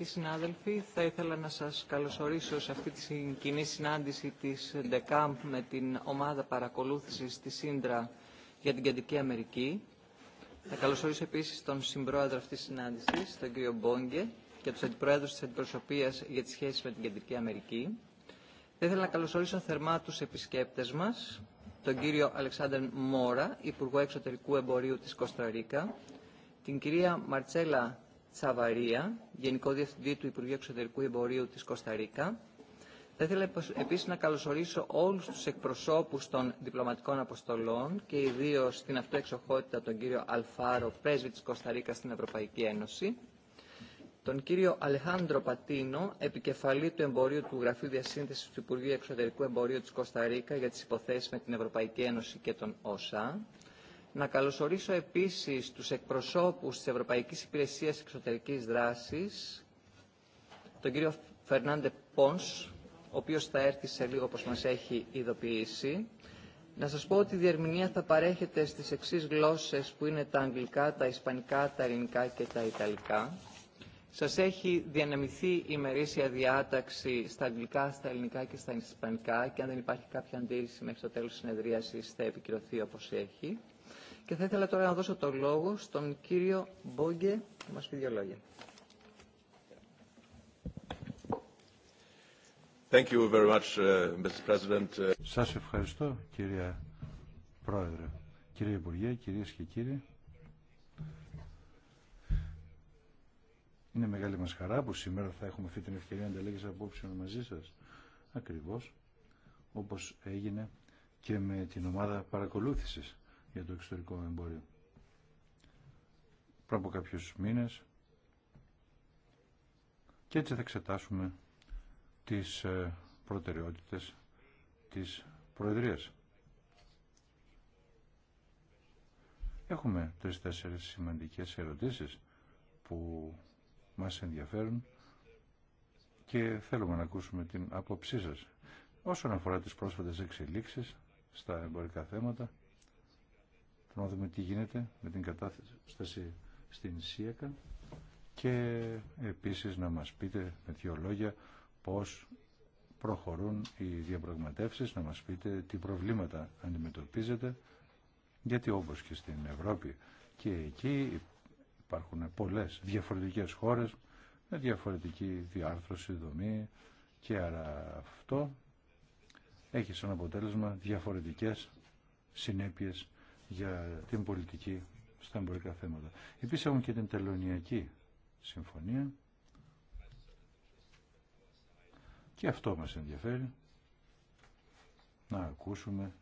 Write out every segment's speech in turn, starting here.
αγαπητοί συνάδελφοι, θα ήθελα να σας καλωσορίσω σε αυτή τη κοινή συνάντηση της Δεκάμπ με την ομάδα παρακολούθησης της ΣΥΝΤΡΑ για την Κεντρική Αμερική. Θα καλωσορίσω επίσης τον συμπρόεδρο αυτής της συνάντησης, τον κύριο Μπόγκε, και τους αντιπροέδρους της αντιπροσωπείας για τις σχέσεις με την Κεντρική Αμερική. Θα ήθελα να καλωσορίσω θερμά τους επισκέπτες μας, τον κύριο Αλεξάνδρ Μόρα, Υπουργό Εξωτερικού Εμπορίου της Κωνσταντίνα, την κυρία Μαρτσέλα Τσαβαρία, Γενικό Διευθυντή του Υπουργείου Εξωτερικού Εμπορίου της Κωνσταντίνα. Θα ήθελα επίσης να καλωσορίσω όλους τους εκπροσώπους των διπλωματικών αποστολών και ιδίως στην αυτοεξοχότητα τον κύριο Αλφάρο, πρέσβη της Κωνσταντίνα στην Ευρωπαϊκή Ένωση, τον κύριο Αλεχάνδρο Πατίνο, επικεφαλή του εμπορίου του Γραφείου Διασύνθεση του Υπουργείου Εξωτερικού Εμπορίου τη Κωνσταντίνα για τι υποθέσει με την Ευρωπαϊκή Ένωση και τον ΟΣΑ, να καλωσορίσω επίσης τους εκπροσώπους της Ευρωπαϊκής Υπηρεσίας Εξωτερικής Δράσης, τον κύριο Φερνάντε Πόνς, ο οποίος θα έρθει σε λίγο όπως μας έχει ειδοποιήσει. Να σας πω ότι η διερμηνία θα παρέχεται στις εξής γλώσσες που είναι τα αγγλικά, τα ισπανικά, τα ελληνικά και τα ιταλικά. Σας έχει διανεμηθεί η ημερήσια διάταξη στα αγγλικά, στα ελληνικά και στα ισπανικά και αν δεν υπάρχει κάποια αντίρρηση μέχρι το τέλος της συνεδρίασης θα επικυρωθεί όπως έχει. Και θα ήθελα τώρα να δώσω το λόγο στον κύριο Μπόγκε που μας πει δύο λόγια. Thank you very much, uh, Mr. President. Σας ευχαριστώ, κύριε Πρόεδρε, κύριε Υπουργέ, κυρίες και κύριοι. Είναι μεγάλη μας χαρά που σήμερα θα έχουμε αυτή την ευκαιρία να από απόψεων μαζί σας. Ακριβώς, όπως έγινε και με την ομάδα παρακολούθησης για το εξωτερικό εμπόριο. Πριν από κάποιους μήνες και έτσι θα εξετάσουμε τις ε, προτεραιότητες της Προεδρίας. Έχουμε τρεις-τέσσερις σημαντικές ερωτήσεις που μας ενδιαφέρουν και θέλουμε να ακούσουμε την άποψή σας όσον αφορά τις πρόσφατες εξελίξεις στα εμπορικά θέματα Θέλω να δούμε τι γίνεται με την κατάσταση στην ΣΥΑΚΑ και επίσης να μας πείτε με δύο λόγια πώς προχωρούν οι διαπραγματεύσεις, να μας πείτε τι προβλήματα αντιμετωπίζετε, γιατί όπως και στην Ευρώπη και εκεί υπάρχουν πολλές διαφορετικές χώρες με διαφορετική διάρθρωση, δομή και άρα αυτό έχει σαν αποτέλεσμα διαφορετικές συνέπειες για την πολιτική στα εμπορικά θέματα. Επίσης έχουμε και την τελωνιακή συμφωνία και αυτό μας ενδιαφέρει να ακούσουμε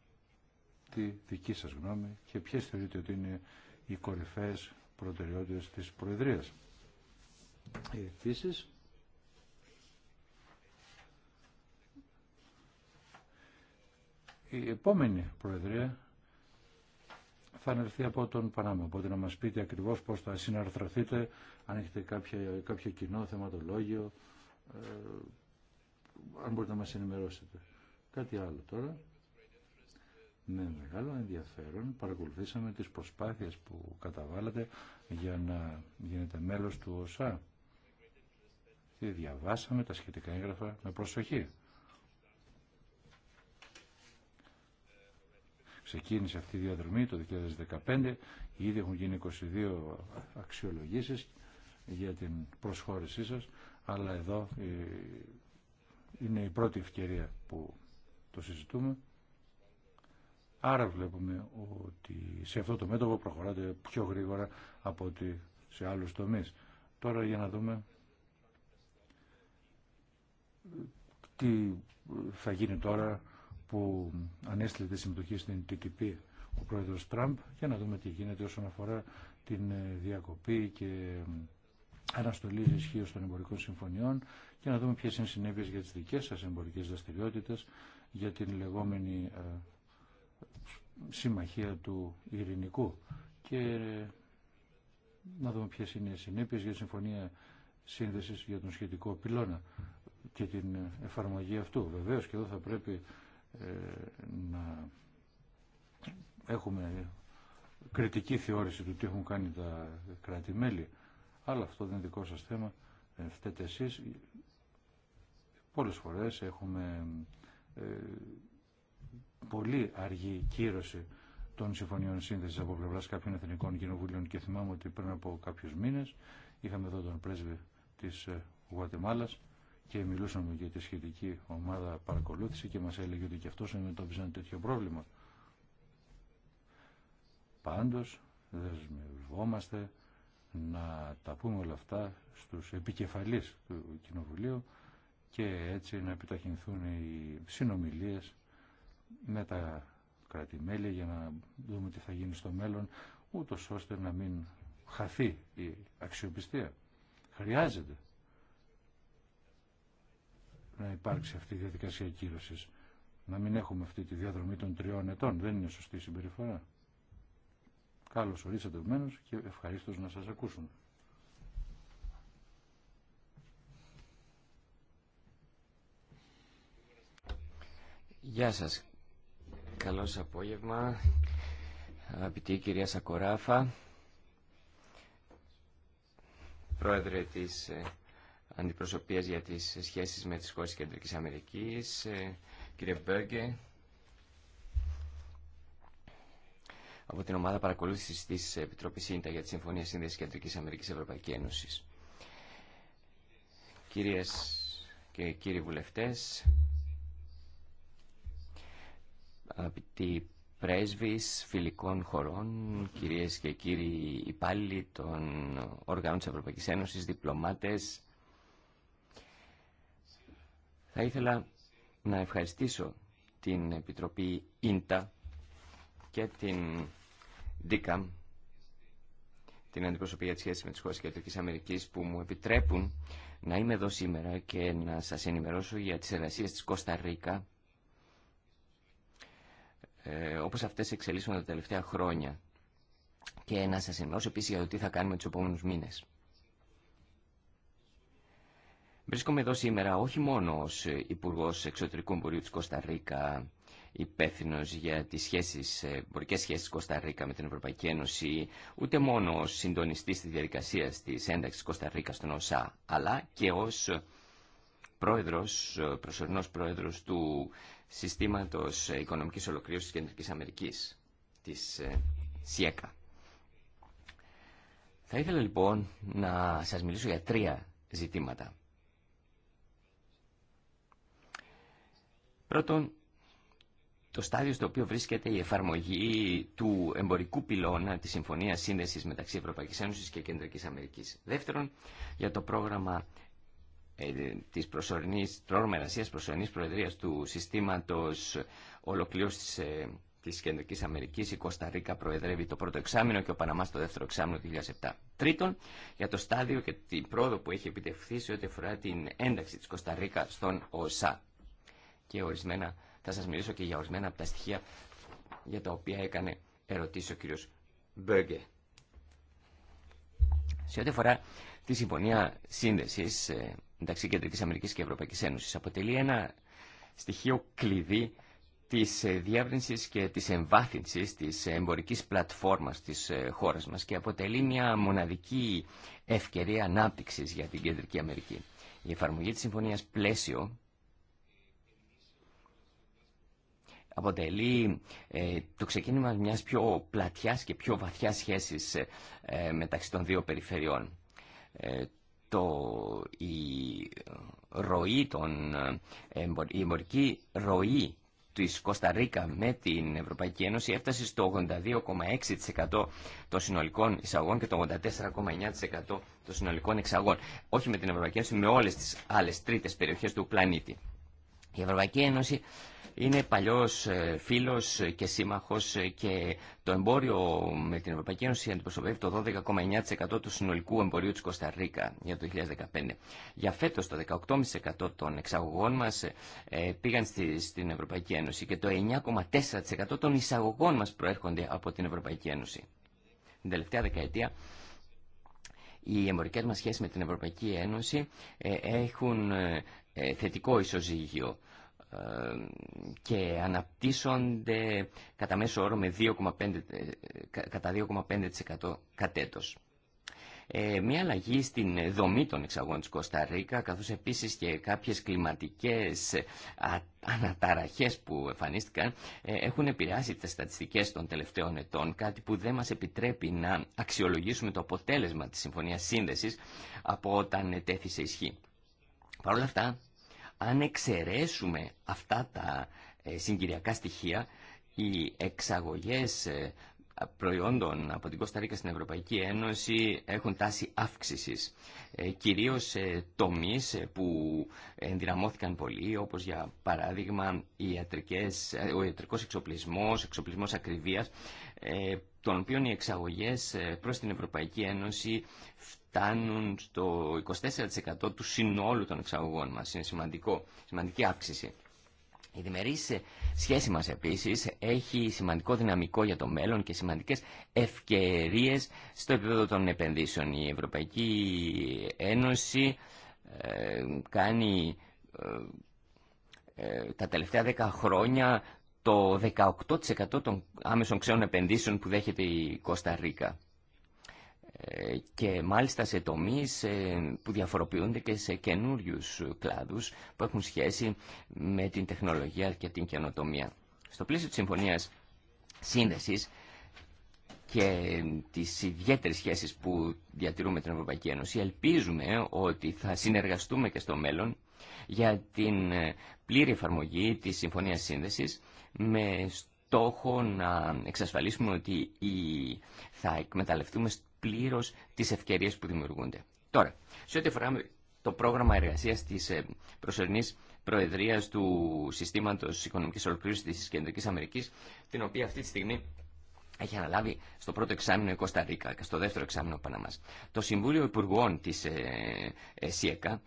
τη δική σας γνώμη και ποιες θεωρείτε ότι είναι οι κορυφαίες προτεραιότητες της Προεδρίας. Επίσης, η επόμενη Προεδρία θα ανερθεί από τον Πανάμα. Οπότε να μας πείτε ακριβώς πώς θα συναρθρωθείτε, αν έχετε κάποια, κάποιο κοινό θεματολόγιο, ε, αν μπορείτε να μας ενημερώσετε. Κάτι άλλο τώρα. Με μεγάλο ενδιαφέρον παρακολουθήσαμε τις προσπάθειες που καταβάλατε για να γίνετε μέλος του ΟΣΑ. διαβάσαμε τα σχετικά έγγραφα με προσοχή. ξεκίνησε αυτή η διαδρομή το 2015. Ήδη έχουν γίνει 22 αξιολογήσεις για την προσχώρησή σας, αλλά εδώ ε, είναι η πρώτη ευκαιρία που το συζητούμε. Άρα βλέπουμε ότι σε αυτό το μέτωπο προχωράτε πιο γρήγορα από ότι σε άλλους τομείς. Τώρα για να δούμε ε, τι θα γίνει τώρα που ανέστηλε τη συμμετοχή στην TTP ο πρόεδρος Τραμπ για να δούμε τι γίνεται όσον αφορά την ε, διακοπή και αναστολή ισχύω των εμπορικών συμφωνιών και να δούμε ποιες είναι συνέπειες για τις δικές σας εμπορικές δραστηριότητες για την λεγόμενη ε, συμμαχία του ειρηνικού και ε, να δούμε ποιες είναι οι συνέπειες για τη συμφωνία σύνδεσης για τον σχετικό πυλώνα και την εφαρμογή αυτού. Βεβαίως και εδώ θα πρέπει να έχουμε κριτική θεώρηση του τι έχουν κάνει τα κράτη-μέλη. Αλλά αυτό δεν είναι δικό σας θέμα. Ε, φταίτε εσείς. Πολλές φορές έχουμε ε, πολύ αργή κύρωση των συμφωνιών σύνδεση από πλευρά κάποιων εθνικών κοινοβουλίων και θυμάμαι ότι πριν από κάποιους μήνες είχαμε εδώ τον πρέσβη της ε, Γουατεμάλα και μιλούσαμε για τη σχετική ομάδα παρακολούθηση και μας έλεγε ότι και αυτός αντιμετώπιζε ένα τέτοιο πρόβλημα. Πάντως δεσμευόμαστε να τα πούμε όλα αυτά στους επικεφαλείς του Κοινοβουλίου και έτσι να επιταχυνθούν οι συνομιλίες με τα κρατημέλια για να δούμε τι θα γίνει στο μέλλον ούτως ώστε να μην χαθεί η αξιοπιστία. Χρειάζεται να υπάρξει αυτή η διαδικασία κύρωση. Να μην έχουμε αυτή τη διαδρομή των τριών ετών. Δεν είναι σωστή συμπεριφορά. Καλώς ορίσατε επομένω και ευχαρίστω να σας ακούσουν. Γεια σας. Καλώς απόγευμα. Αγαπητή κυρία Σακοράφα, πρόεδρε της ε, αντιπροσωπείας για τις σχέσεις με τις χώρες της Κεντρικής Αμερικής, ε, κύριε Μπέργκε, από την ομάδα παρακολούθησης της Επιτροπής ΣΥΝΤΑ για τη Συμφωνία Σύνδεσης Κεντρικής Αμερικής ευρωπαϊκή Ένωσης. Κυρίες και κύριοι βουλευτές, αγαπητοί πρέσβεις φιλικών χωρών, κυρίες και κύριοι υπάλληλοι των οργάνων της Ευρωπαϊκής Ένωσης, διπλωμάτες, θα ήθελα να ευχαριστήσω την Επιτροπή Ίντα και την ΔΙΚΑΜ, την Αντιπροσωπεία της σχέσης με τις χώρες Κεντρικής Αμερικής, που μου επιτρέπουν να είμαι εδώ σήμερα και να σας ενημερώσω για τις εργασίες της Κώστα Ρίκα, ε, όπως αυτές εξελίσσονται τα τελευταία χρόνια. Και να σας ενημερώσω επίσης για το τι θα κάνουμε τους επόμενους μήνες. Βρίσκομαι εδώ σήμερα όχι μόνο ως ε, Υπουργός Εξωτερικού Εμπορίου της Κωνσταντίνα, υπεύθυνο για τις σχέσεις, ε, εμπορικές σχέσεις Κωνσταντίνα με την Ευρωπαϊκή Ένωση, ούτε μόνο ως συντονιστής της διαδικασίας της ένταξης Κωνσταντίνα στον ΩΣΑ, αλλά και ως πρόεδρος, ε, προσωρινός πρόεδρος του Συστήματος Οικονομικής Ολοκλήρωσης τη Κεντρικής Αμερικής, της ΣΥΕΚΑ. Θα ήθελα λοιπόν να σας μιλήσω για τρία ζητήματα. Πρώτον, το στάδιο στο οποίο βρίσκεται η εφαρμογή του εμπορικού πυλώνα της Συμφωνίας Σύνδεσης μεταξύ Ευρωπαϊκής Ένωσης και Κεντρικής Αμερικής. Δεύτερον, για το πρόγραμμα ε, της προσωρινής, εργασία προσωρινής προεδρίας του συστήματος ολοκλήρωσης ε, της Κεντρικής Αμερικής, η Κωνσταντίνα προεδρεύει το πρώτο εξάμεινο και ο παναμά το δεύτερο εξάμεινο του 2007. Τρίτον, για το στάδιο και την πρόοδο που έχει επιτευχθεί σε ό,τι αφορά την ένταξη της Κωνσταντίνα στον ΟΣΑ και ορισμένα, θα σας μιλήσω και για ορισμένα από τα στοιχεία για τα οποία έκανε ερωτήσει ο κύριος Μπέγκε. Σε ό,τι αφορά τη συμφωνία σύνδεσης ε, μεταξύ Κεντρικής Αμερικής και Ευρωπαϊκής Ένωσης αποτελεί ένα στοιχείο κλειδί της ε, διεύρυνσης και της εμβάθυνσης της εμπορικής πλατφόρμας της ε, χώρας μας και αποτελεί μια μοναδική ευκαιρία ανάπτυξης για την Κεντρική Αμερική. Η εφαρμογή της Συμφωνίας Πλαίσιο αποτελεί ε, το ξεκίνημα μιας πιο πλατιάς και πιο βαθιάς σχέσης ε, ε, μεταξύ των δύο περιφερειών. το, η ροή των, η εμπορική ροή της Κωνσταντίνα με την Ευρωπαϊκή Ένωση έφτασε στο 82,6% των συνολικών εισαγών και το 84,9% των συνολικών εξαγών. Όχι με την Ευρωπαϊκή Ένωση, με όλες τις άλλες τρίτες περιοχές του πλανήτη. Η Ευρωπαϊκή Ένωση είναι παλιός ε, φίλος και σύμμαχος ε, και το εμπόριο με την Ευρωπαϊκή Ένωση αντιπροσωπεύει το 12,9% του συνολικού εμπορίου της Κωνσταντίνα για το 2015. Για φέτος το 18,5% των εξαγωγών μας ε, πήγαν στην Ευρωπαϊκή Ένωση και το 9,4% των εισαγωγών μας προέρχονται από την Ευρωπαϊκή Ένωση. Την τελευταία δεκαετία οι εμπορικές μας σχέσεις με την Ευρωπαϊκή Ένωση έχουν ε, θετικό ισοζύγιο ε, και αναπτύσσονται κατά μέσο όρο με 2,5, ε, κατά 2,5% κατ' Ε, μια αλλαγή στην δομή των εξαγών της Κωνσταντίνα, καθώς επίσης και κάποιες κλιματικές αναταραχές που εμφανίστηκαν έχουν επηρεάσει τις στατιστικές των τελευταίων ετών, κάτι που δεν μας επιτρέπει να αξιολογήσουμε το αποτέλεσμα της Συμφωνίας Σύνδεσης από όταν τέθησε ισχύ. Παρ' όλα αυτά, αν εξαιρέσουμε αυτά τα ε, συγκυριακά στοιχεία, οι εξαγωγές ε, προϊόντων από την Κωνσταντίνα στην Ευρωπαϊκή Ένωση έχουν τάση αύξησης. Ε, κυρίως σε τομείς που ενδυναμώθηκαν πολύ, όπως για παράδειγμα οι ιατρικές, ο ιατρικός εξοπλισμός, εξοπλισμός ακριβίας, των οποίων οι εξαγωγές ε, προς την Ευρωπαϊκή Ένωση φτάνουν στο 24% του συνόλου των εξαγωγών μας. Είναι σημαντικό, σημαντική αύξηση. Η διμερής ε, σχέση μας επίσης έχει σημαντικό δυναμικό για το μέλλον και σημαντικές ευκαιρίες στο επίπεδο των επενδύσεων. Η Ευρωπαϊκή Ένωση ε, κάνει τα τελευταία δέκα χρόνια το 18% των άμεσων ξένων επενδύσεων που δέχεται η Κωνσταντίνα ε, και μάλιστα σε τομείς ε, που διαφοροποιούνται και σε καινούριου κλάδους που έχουν σχέση με την τεχνολογία και την καινοτομία. Στο πλαίσιο της Συμφωνίας Σύνδεσης και τις ιδιαίτερες σχέσεις που διατηρούμε την Ευρωπαϊκή Ένωση ελπίζουμε ότι θα συνεργαστούμε και στο μέλλον για την ε, πλήρη εφαρμογή της Συμφωνίας Σύνδεσης με στόχο να εξασφαλίσουμε ότι θα εκμεταλλευτούμε πλήρως τις ευκαιρίες που δημιουργούνται. Τώρα, σε ό,τι αφορά το πρόγραμμα εργασίας της ε, προσωρινής Προεδρίας του Συστήματος Οικονομικής Ολοκλήρωσης της Κεντρικής Αμερικής, την οποία αυτή τη στιγμή έχει αναλάβει στο πρώτο εξάμεινο η Κώστα και στο δεύτερο εξάμεινο Παναμάς. Το Συμβούλιο Υπουργών της ε, ε, ΣΥΕΚΑ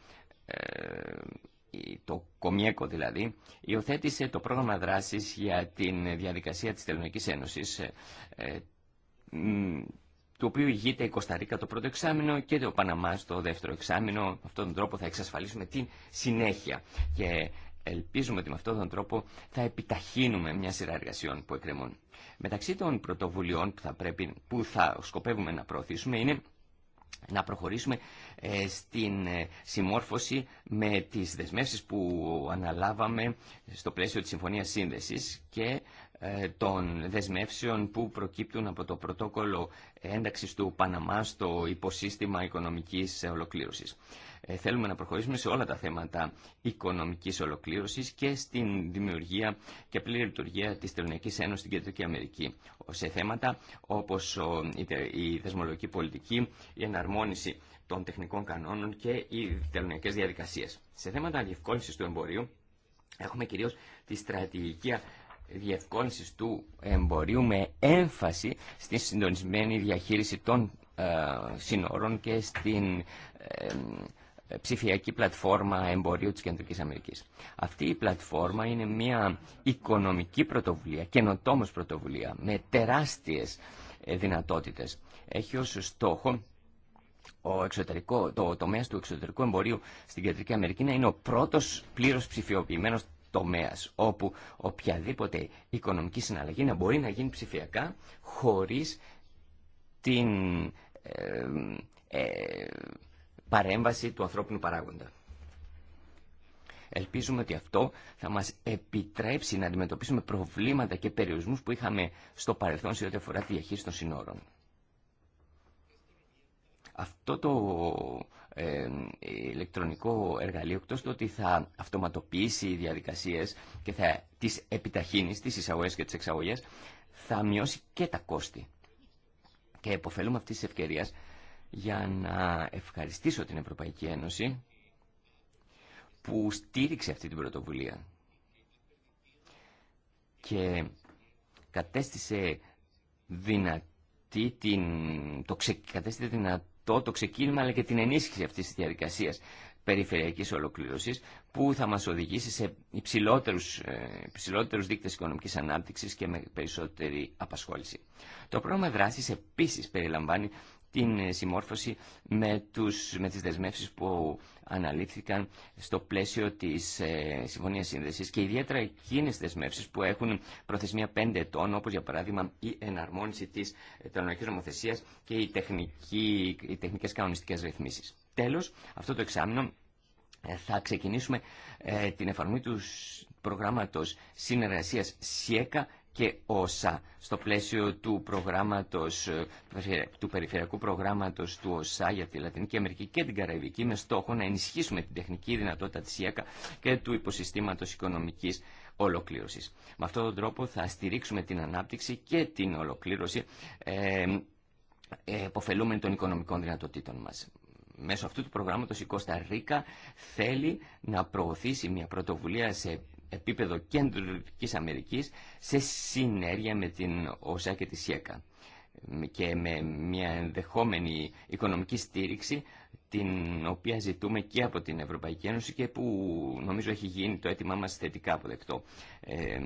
το Κομιέκο δηλαδή, υιοθέτησε το πρόγραμμα δράσης για τη διαδικασία της Τελωνικής Ένωσης, ε, ε, του οποίου ηγείται η Κωνσταντίνα το πρώτο εξάμεινο και το Παναμά το δεύτερο εξάμεινο. Με αυτόν τον τρόπο θα εξασφαλίσουμε την συνέχεια και ελπίζουμε ότι με αυτόν τον τρόπο θα επιταχύνουμε μια σειρά εργασιών που εκκρεμούν. Μεταξύ των πρωτοβουλειών που θα, πρέπει, που θα σκοπεύουμε να προωθήσουμε είναι να προχωρήσουμε ε, στην ε, συμμόρφωση με τις δεσμεύσεις που αναλάβαμε στο πλαίσιο της Συμφωνίας Σύνδεσης και ε, των δεσμεύσεων που προκύπτουν από το πρωτόκολλο ένταξης του Παναμά στο υποσύστημα οικονομικής ολοκλήρωσης. Θέλουμε να προχωρήσουμε σε όλα τα θέματα οικονομικής ολοκλήρωσης και στην δημιουργία και πλήρη λειτουργία της Τελωνιακής Ένωσης στην Κεντρική Αμερική. Σε θέματα όπως η δεσμολογική πολιτική, η εναρμόνιση των τεχνικών κανόνων και οι τελωνιακές διαδικασίες. Σε θέματα διευκόλυνσης του εμπορίου έχουμε κυρίως τη στρατηγική διευκόλυνσης του εμπορίου με έμφαση στη συντονισμένη διαχείριση των ε, σύνορων και στην ε, ψηφιακή πλατφόρμα εμπορίου της Κεντρικής Αμερικής. Αυτή η πλατφόρμα είναι μια οικονομική πρωτοβουλία, καινοτόμως πρωτοβουλία, με τεράστιες ε, δυνατότητες. Έχει ως στόχο ο εξωτερικό, το τομέα του εξωτερικού εμπορίου στην Κεντρική Αμερική να είναι ο πρώτο πλήρω ψηφιοποιημένο τομέα, όπου οποιαδήποτε οικονομική συναλλαγή να μπορεί να γίνει ψηφιακά χωρί την ε, ε, παρέμβαση του ανθρώπινου παράγοντα. Ελπίζουμε ότι αυτό θα μας επιτρέψει να αντιμετωπίσουμε προβλήματα και περιορισμούς που είχαμε στο παρελθόν σε ό,τι αφορά τη διαχείριση των συνόρων. Αυτό το ε, ηλεκτρονικό εργαλείο, εκτός του ότι θα αυτοματοποιήσει οι διαδικασίες και θα τις επιταχύνει, στις εισαγωγές και τις εξαγωγές, θα μειώσει και τα κόστη. Και εποφελούμε αυτής της ευκαιρίας για να ευχαριστήσω την Ευρωπαϊκή Ένωση που στήριξε αυτή την πρωτοβουλία και κατέστησε δυνατή την, το ξε, κατέστησε δυνατή το ξεκίνημα αλλά και την ενίσχυση αυτής της διαδικασίας περιφερειακής ολοκλήρωσης που θα μας οδηγήσει σε υψηλότερους, ε, υψηλότερους δείκτες οικονομικής ανάπτυξης και με περισσότερη απασχόληση. Το πρόγραμμα δράσης επίσης περιλαμβάνει την συμμόρφωση με, τους, με τις δεσμεύσεις που αναλήφθηκαν στο πλαίσιο της ε, Συμφωνίας Σύνδεσης και ιδιαίτερα εκείνες τις δεσμεύσεις που έχουν προθεσμία 5 ετών όπως για παράδειγμα η εναρμόνιση της ε, τελωνικής νομοθεσίας και οι, τεχνική, οι τεχνικές κανονιστικές ρυθμίσεις. Τέλος, αυτό το εξάμεινο ε, θα ξεκινήσουμε ε, την εφαρμογή του προγράμματος συνεργασίας ΣΥΕΚΑ και όσα στο πλαίσιο του προγράμματος, του περιφερειακού προγράμματος του ΟΣΑ για τη Λατινική Αμερική και την Καραϊβική με στόχο να ενισχύσουμε την τεχνική δυνατότητα της ΙΑΚΑ και του υποσυστήματος οικονομικής ολοκλήρωσης. Με αυτόν τον τρόπο θα στηρίξουμε την ανάπτυξη και την ολοκλήρωση ε, ε, των οικονομικών δυνατοτήτων μας. Μέσω αυτού του προγράμματος η Κώστα Ρίκα θέλει να προωθήσει μια πρωτοβουλία σε επίπεδο κέντρου Λυπικής Αμερικής σε συνέργεια με την ΟΣΑ και τη ΣΥΕΚΑ και με μια ενδεχόμενη οικονομική στήριξη την οποία ζητούμε και από την Ευρωπαϊκή Ένωση και που νομίζω έχει γίνει το αίτημά μας θετικά αποδεκτό. Ε,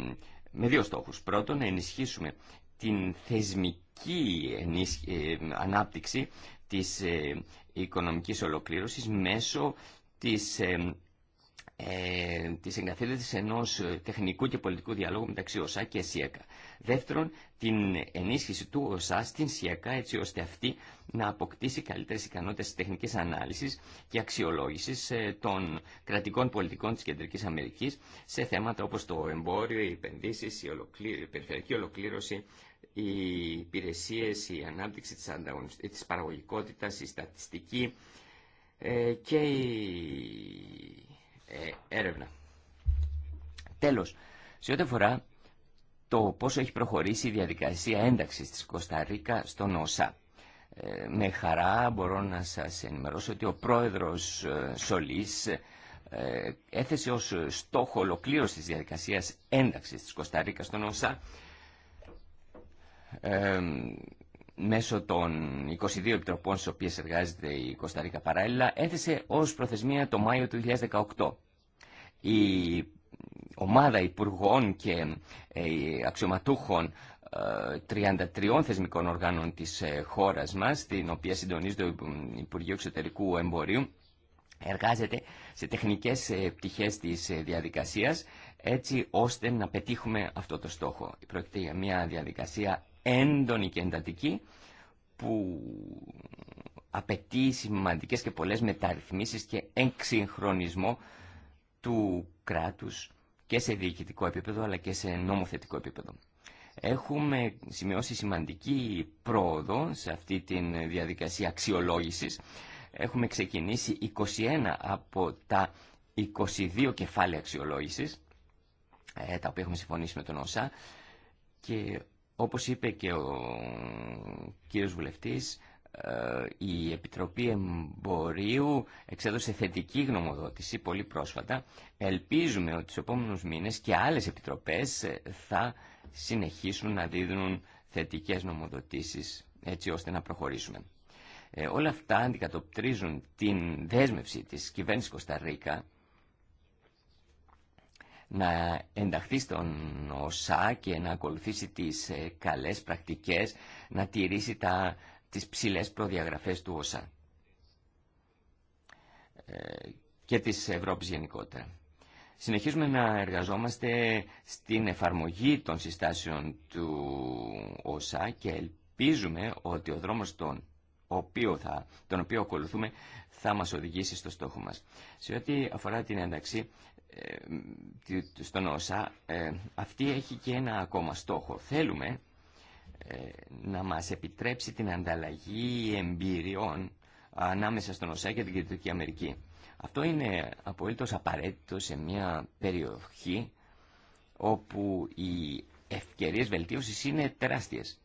με δύο στόχους. Πρώτον, να ενισχύσουμε την θεσμική ε, ανάπτυξη της ε, οικονομικής ολοκλήρωσης μέσω της ε, ε, τη εγκαθίδρυση ενό τεχνικού και πολιτικού διαλόγου μεταξύ ΟΣΑ και ΣΥΕΚΑ. Δεύτερον, την ενίσχυση του ΟΣΑ στην ΣΥΕΚΑ έτσι ώστε αυτή να αποκτήσει καλύτερε ικανότητε τεχνική ανάλυση και αξιολόγηση ε, των κρατικών πολιτικών τη Κεντρική Αμερική σε θέματα όπω το εμπόριο, οι επενδύσει, η, η περιφερειακή ολοκλήρωση, οι υπηρεσίε, η ανάπτυξη τη παραγωγικότητα, η στατιστική ε, και ε, έρευνα. Τέλος, σε ό,τι αφορά το πόσο έχει προχωρήσει η διαδικασία ένταξης της Κωνσταντίνα στον ΩΣΑ. Ε, με χαρά μπορώ να σας ενημερώσω ότι ο πρόεδρος ε, Σολής έθεσε ως στόχο ολοκλήρωση της διαδικασίας ένταξης της Κωνσταντίνα στον ΩΣΑ ε, μέσω των 22 επιτροπών στις οποίες εργάζεται η Κωνσταντίνα παράλληλα έθεσε ως προθεσμία το Μάιο του 2018 η ομάδα υπουργών και ε, αξιωματούχων 33 ε, θεσμικών οργάνων της ε, χώρας μας, την οποία συντονίζει το Υπουργείο Εξωτερικού Εμπορίου, εργάζεται σε τεχνικές πτυχές της διαδικασίας, έτσι ώστε να πετύχουμε αυτό το στόχο. Πρόκειται για μια διαδικασία έντονη και εντατική, που απαιτεί σημαντικές και πολλές μεταρρυθμίσεις και εξυγχρονισμό του κράτους και σε διοικητικό επίπεδο αλλά και σε νομοθετικό επίπεδο. Έχουμε σημειώσει σημαντική πρόοδο σε αυτή τη διαδικασία αξιολόγησης. Έχουμε ξεκινήσει 21 από τα 22 κεφάλαια αξιολόγησης, ε, τα οποία έχουμε συμφωνήσει με τον ΩΣΑ. Και όπως είπε και ο κύριος βουλευτής, ε, η Επιτροπή Εμπορίου εξέδωσε θετική γνωμοδότηση πολύ πρόσφατα. Ελπίζουμε ότι τους επόμενους μήνες και άλλες επιτροπές ε, θα συνεχίσουν να δίδουν θετικές νομοδοτήσεις έτσι ώστε να προχωρήσουμε. Ε, όλα αυτά αντικατοπτρίζουν την δέσμευση της κυβέρνησης Κωνσταντίνα να ενταχθεί στον ΩΣΑ και να ακολουθήσει τις καλές πρακτικές, να τηρήσει τα τις ψηλές προδιαγραφές του ΩΣΑ ε, και της Ευρώπης γενικότερα. Συνεχίζουμε να εργαζόμαστε στην εφαρμογή των συστάσεων του ΩΣΑ και ελπίζουμε ότι ο δρόμος τον οποίο θα, τον οποίο ακολουθούμε θα μας οδηγήσει στο στόχο μας. Σε ό,τι αφορά την ένταξη ε, στον ΩΣΑ, ε, αυτή έχει και ένα ακόμα στόχο. Θέλουμε ε, να μας επιτρέψει την ανταλλαγή εμπειριών ανάμεσα στον ΟΣΑ και την Κεντρική Αμερική. Αυτό είναι απολύτως απαραίτητο σε μια περιοχή όπου οι ευκαιρίες βελτίωσης είναι τεράστιες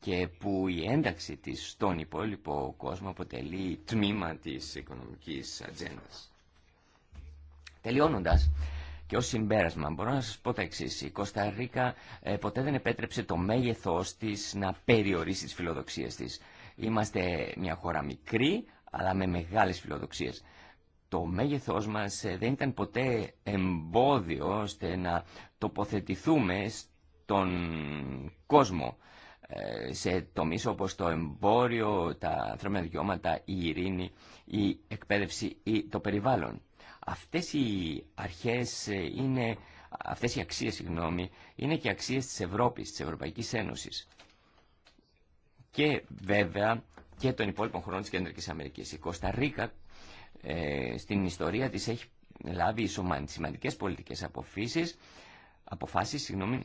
και που η ένταξη της στον υπόλοιπο κόσμο αποτελεί τμήμα της οικονομικής ατζέντας. Τελειώνοντας, και ω συμπέρασμα μπορώ να σα πω τα εξή, Η Κωνσταντίνα ε, ποτέ δεν επέτρεψε το μέγεθο της να περιορίσει τις φιλοδοξίε της. Είμαστε μια χώρα μικρή, αλλά με μεγάλες φιλοδοξίε. Το μέγεθός μας ε, δεν ήταν ποτέ εμπόδιο ώστε να τοποθετηθούμε στον κόσμο ε, σε τομείς όπως το εμπόριο, τα ανθρώπινα δικαιώματα, η ειρήνη, η εκπαίδευση ή το περιβάλλον. Αυτές οι αρχές ε, είναι, αυτές οι αξίες, είναι και αξίες της Ευρώπης, της Ευρωπαϊκής Ένωσης. Και βέβαια και των υπόλοιπων χωρών της Κεντρικής Αμερικής. Η Κώστα Ρίκα ε, στην ιστορία της έχει λάβει σημαντικές πολιτικές αποφάσεις, αποφάσεις συγγνώμη,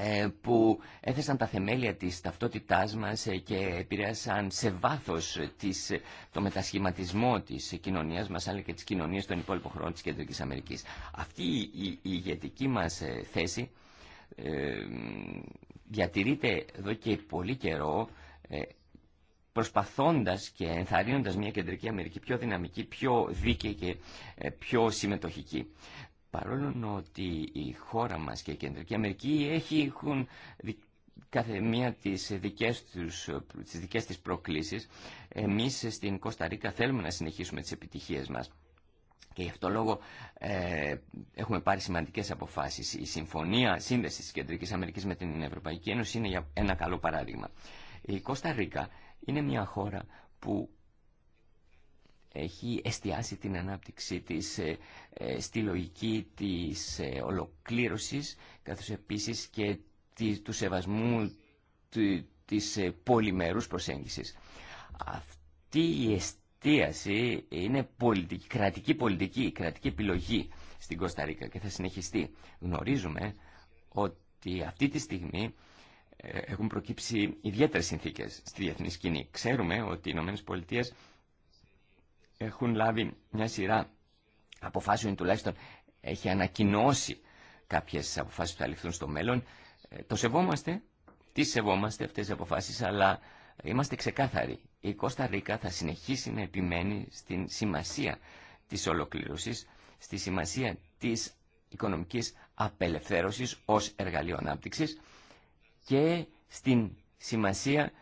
ε, που έθεσαν τα θεμέλια της ταυτότητάς μας ε, και επηρέασαν σε βάθος της, το μετασχηματισμό της κοινωνίας μας αλλά και της κοινωνίας των υπόλοιπων χρόνων της Κεντρικής Αμερικής. Αυτή η ηγετική μας ε, θέση διατηρείται εδώ και πολύ καιρό προσπαθώντας και ενθαρρύνοντας μια Κεντρική Αμερική πιο δυναμική, πιο δίκαιη και πιο συμμετοχική παρόλο ότι η χώρα μας και η Κεντρική Αμερική έχει, έχουν κάθε μία τις δικές, τους, τις δικές της προκλήσεις, εμείς στην Κωνσταντίνα θέλουμε να συνεχίσουμε τις επιτυχίες μας. Και γι' αυτό λόγο ε, έχουμε πάρει σημαντικές αποφάσεις. Η συμφωνία Σύνδεσης τη Κεντρική Αμερική με την Ευρωπαϊκή Ένωση είναι ένα καλό παράδειγμα. Η Κώστα είναι μια χώρα που έχει εστιάσει την ανάπτυξή της ε, ε, στη λογική της ε, ολοκλήρωσης καθώς επίσης και του σεβασμού της πολυμερούς προσέγγισης. Αυτή η εστίαση είναι πολιτική, κρατική πολιτική, κρατική επιλογή στην Κωνσταντίνα και θα συνεχιστεί. Γνωρίζουμε ότι αυτή τη στιγμή έχουν προκύψει ιδιαίτερες συνθήκες στη διεθνή σκηνή. Ξέρουμε ότι οι Ηνωμένες Πολιτείες έχουν λάβει μια σειρά αποφάσεων, τουλάχιστον έχει ανακοινώσει κάποιες αποφάσεις που θα ληφθούν στο μέλλον. Ε, το σεβόμαστε, τι σεβόμαστε αυτές τις αποφάσεις, αλλά είμαστε ξεκάθαροι. Η Κώστα Ρίκα θα συνεχίσει να επιμένει στην σημασία της ολοκλήρωσης, στη σημασία της οικονομικής απελευθέρωσης ως εργαλείο ανάπτυξης και στην σημασία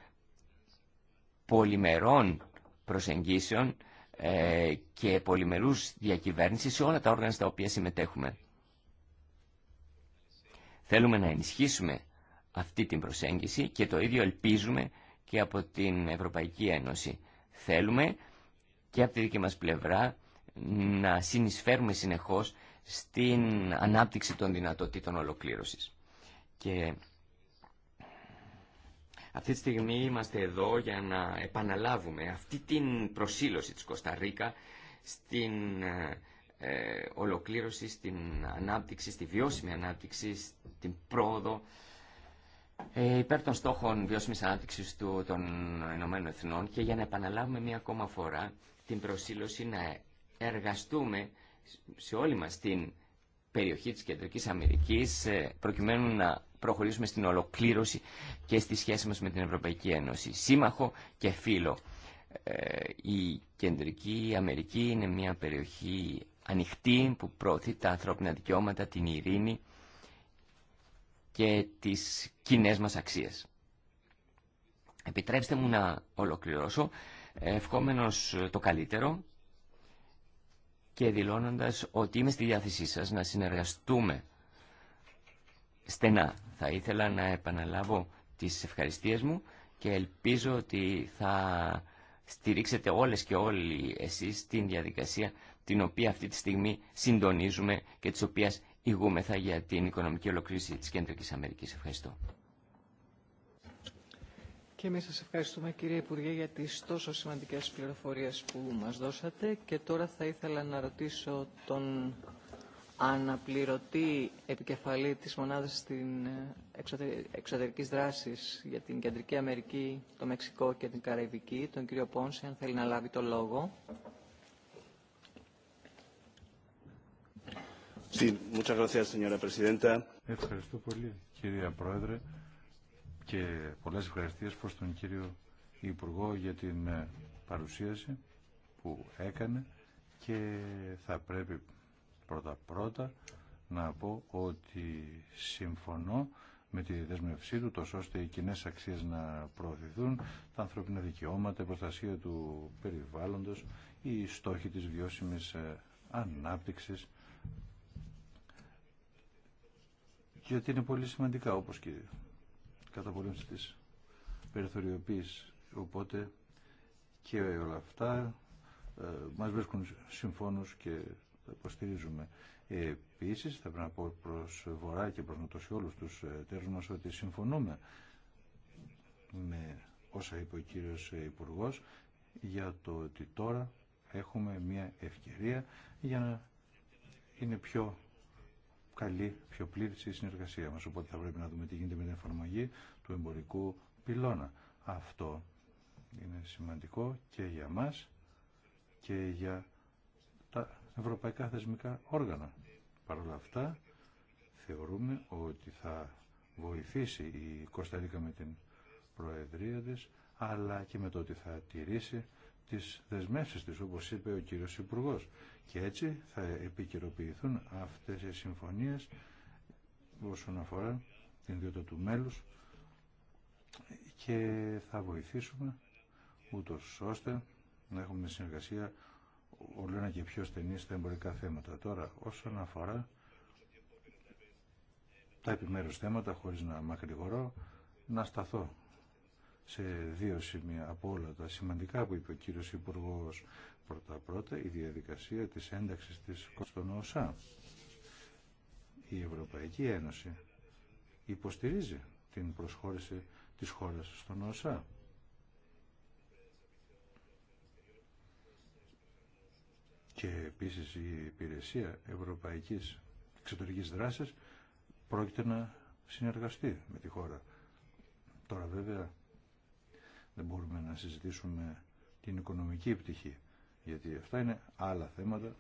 πολυμερών προσεγγίσεων ε, και πολυμερούς διακυβέρνηση σε όλα τα όργανα στα οποία συμμετέχουμε. Θέλουμε να ενισχύσουμε αυτή την προσέγγιση και το ίδιο ελπίζουμε και από την Ευρωπαϊκή Ένωση. Θέλουμε και από τη δική μας πλευρά να συνεισφέρουμε συνεχώς στην ανάπτυξη των δυνατοτήτων ολοκλήρωσης. Και αυτή τη στιγμή είμαστε εδώ για να επαναλάβουμε αυτή την προσήλωση της Κωνσταντίνα στην ε, ε, ολοκλήρωση, στην ανάπτυξη, στη βιώσιμη ανάπτυξη, στην πρόοδο ε, υπέρ των στόχων βιώσιμης ανάπτυξης του, των Ηνωμένων Εθνών και για να επαναλάβουμε μία ακόμα φορά την προσήλωση να εργαστούμε σε όλη μας την περιοχή της Κεντρικής Αμερικής προκειμένου να προχωρήσουμε στην ολοκλήρωση και στη σχέση μας με την Ευρωπαϊκή Ένωση. Σύμμαχο και φίλο. Ε, η Κεντρική Αμερική είναι μια περιοχή ανοιχτή που προωθεί τα ανθρώπινα δικαιώματα, την ειρήνη και τις κοινέ μας αξίες. Επιτρέψτε μου να ολοκληρώσω ευχόμενος το καλύτερο και δηλώνοντας ότι είμαι στη διάθεσή σας να συνεργαστούμε στενά. Θα ήθελα να επαναλάβω τις ευχαριστίες μου και ελπίζω ότι θα στηρίξετε όλες και όλοι εσείς την διαδικασία την οποία αυτή τη στιγμή συντονίζουμε και της οποίας ηγούμεθα για την οικονομική ολοκλήρωση της Κεντρικής Αμερικής. Ευχαριστώ. Και εμείς σας ευχαριστούμε κύριε Υπουργέ για τις τόσο σημαντικές πληροφορίες που μας δώσατε και τώρα θα ήθελα να ρωτήσω τον αναπληρωτή επικεφαλή της μονάδας στην ε, εξωτερικής δράσης για την Κεντρική Αμερική, το Μεξικό και την Καραϊβική, τον κύριο Πόνσε, αν θέλει να λάβει το λόγο. Ευχαριστώ πολύ, κυρία Πρόεδρε, και πολλές ευχαριστίες προς τον κύριο Υπουργό για την ε, παρουσίαση που έκανε και θα πρέπει Πρώτα-πρώτα να πω ότι συμφωνώ με τη δεσμευσή του, τόσο ώστε οι κοινέ αξίες να προωθηθούν, τα ανθρώπινα δικαιώματα, η προστασία του περιβάλλοντος, οι στόχοι της βιώσιμης ε, ανάπτυξης, γιατί είναι πολύ σημαντικά, όπως και η καταπολέμηση της περιθωριοποίησης. Οπότε και όλα αυτά ε, μας βρίσκουν συμφώνους και το υποστηρίζουμε. Επίσης, θα πρέπει να πω προ Βορρά και προς όλου τους ε, εταίρου μα, ότι συμφωνούμε με όσα είπε ο κύριο ε, υπουργό για το ότι τώρα έχουμε μια ευκαιρία για να είναι πιο καλή, πιο πλήρης η συνεργασία μας. Οπότε θα πρέπει να δούμε τι γίνεται με την εφαρμογή του εμπορικού πυλώνα. Αυτό είναι σημαντικό και για μας και για τα ευρωπαϊκά θεσμικά όργανα. Παρ' όλα αυτά θεωρούμε ότι θα βοηθήσει η Κωνσταντίνα με την Προεδρία της, αλλά και με το ότι θα τηρήσει τις δεσμεύσεις της, όπως είπε ο κύριος υπουργό. Και έτσι θα επικαιροποιηθούν αυτές οι συμφωνίες όσον αφορά την ιδιότητα του μέλους και θα βοηθήσουμε ούτως ώστε να έχουμε συνεργασία όλο και πιο στενή στα εμπορικά θέματα. Τώρα, όσον αφορά τα επιμέρους θέματα, χωρίς να μακρηγορώ, να σταθώ σε δύο σημεία από όλα τα σημαντικά που είπε ο κύριος υπουργό Πρώτα-πρώτα η διαδικασία της ένταξης της ΚΟΣΤΟΝΟΣΑ. Η Ευρωπαϊκή Ένωση υποστηρίζει την προσχώρηση της χώρας στον ΟΣΑ. και επίσης η υπηρεσία ευρωπαϊκής εξωτερικής δράσης πρόκειται να συνεργαστεί με τη χώρα. Τώρα βέβαια δεν μπορούμε να συζητήσουμε την οικονομική πτυχή γιατί αυτά είναι άλλα θέματα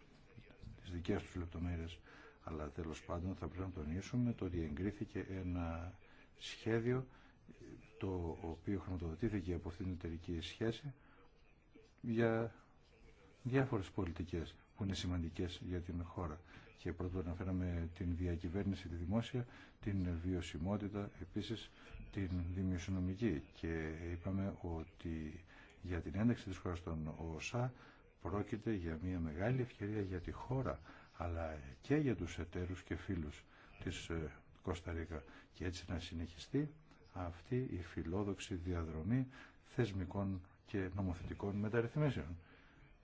τις δικές τους λεπτομέρειες αλλά τέλος πάντων θα πρέπει να τονίσουμε το ότι εγκρίθηκε ένα σχέδιο το οποίο χρηματοδοτήθηκε από αυτήν την εταιρική σχέση για διάφορες πολιτικές που είναι σημαντικές για την χώρα. Και πρώτον αναφέραμε την διακυβέρνηση, τη δημόσια, την βιωσιμότητα, επίσης την δημοσιονομική. Και είπαμε ότι για την ένταξη της χώρας των ΟΣΑ πρόκειται για μια μεγάλη ευκαιρία για τη χώρα, αλλά και για τους εταίρους και φίλους της ε, Κωνσταντίνα. Και έτσι να συνεχιστεί αυτή η φιλόδοξη διαδρομή θεσμικών και νομοθετικών μεταρρυθμίσεων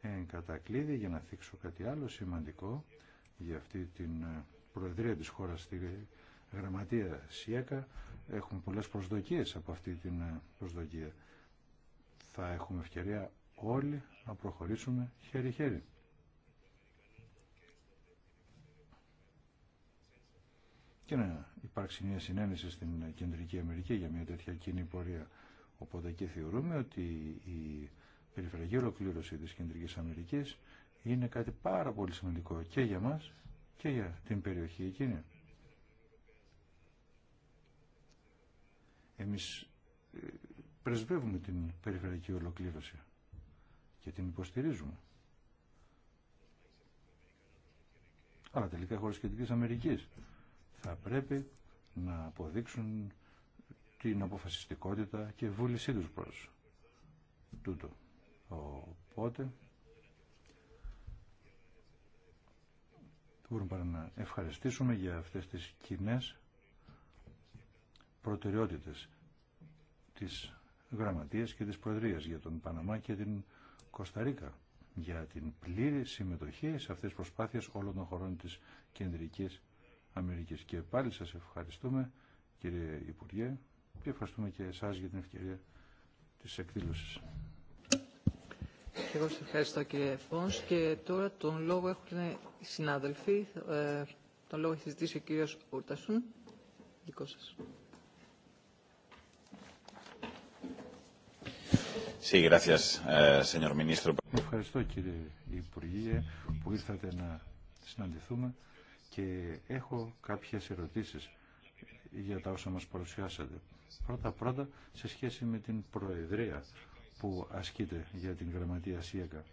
εν κατακλείδη για να θίξω κάτι άλλο σημαντικό για αυτή την ε, Προεδρία της χώρας στη Γραμματεία ΣΥΑΚΑ. Έχουμε πολλές προσδοκίες από αυτή την ε, προσδοκία. Θα έχουμε ευκαιρία όλοι να προχωρήσουμε χέρι-χέρι. Και να υπάρξει μια συνένεση στην Κεντρική Αμερική για μια τέτοια κοινή πορεία. Οπότε και θεωρούμε ότι η περιφερειακή ολοκλήρωση της Κεντρικής Αμερικής είναι κάτι πάρα πολύ σημαντικό και για μας και για την περιοχή εκείνη. Εμείς ε, πρεσβεύουμε την περιφερειακή ολοκλήρωση και την υποστηρίζουμε. Αλλά τελικά χώρες Αμερικής θα πρέπει να αποδείξουν την αποφασιστικότητα και βούλησή τους προς τούτο. Οπότε μπορούμε παρά να ευχαριστήσουμε για αυτές τις κοινέ προτεραιότητες της Γραμματείας και της Προεδρίας για τον Παναμά και την Κωνσταντίνα για την πλήρη συμμετοχή σε αυτές τις προσπάθειες όλων των χωρών της Κεντρικής Αμερικής. Και πάλι σας ευχαριστούμε κύριε Υπουργέ και ευχαριστούμε και εσάς για την ευκαιρία της εκδήλωσης. Και εγώ σας ευχαριστώ κύριε Φόνς και τώρα τον λόγο έχουν οι συνάδελφοι. Ε, τον λόγο έχει ζητήσει ο κύριος Ούρτασουν. Δικό σας. Ε, ευχαριστώ κύριε Υπουργέ που ήρθατε να συναντηθούμε και έχω κάποιες ερωτήσεις για τα όσα μας παρουσιάσατε. Πρώτα-πρώτα σε σχέση με την Προεδρία που ασκείται για την γραμματεία ΣΥΕΚΑ.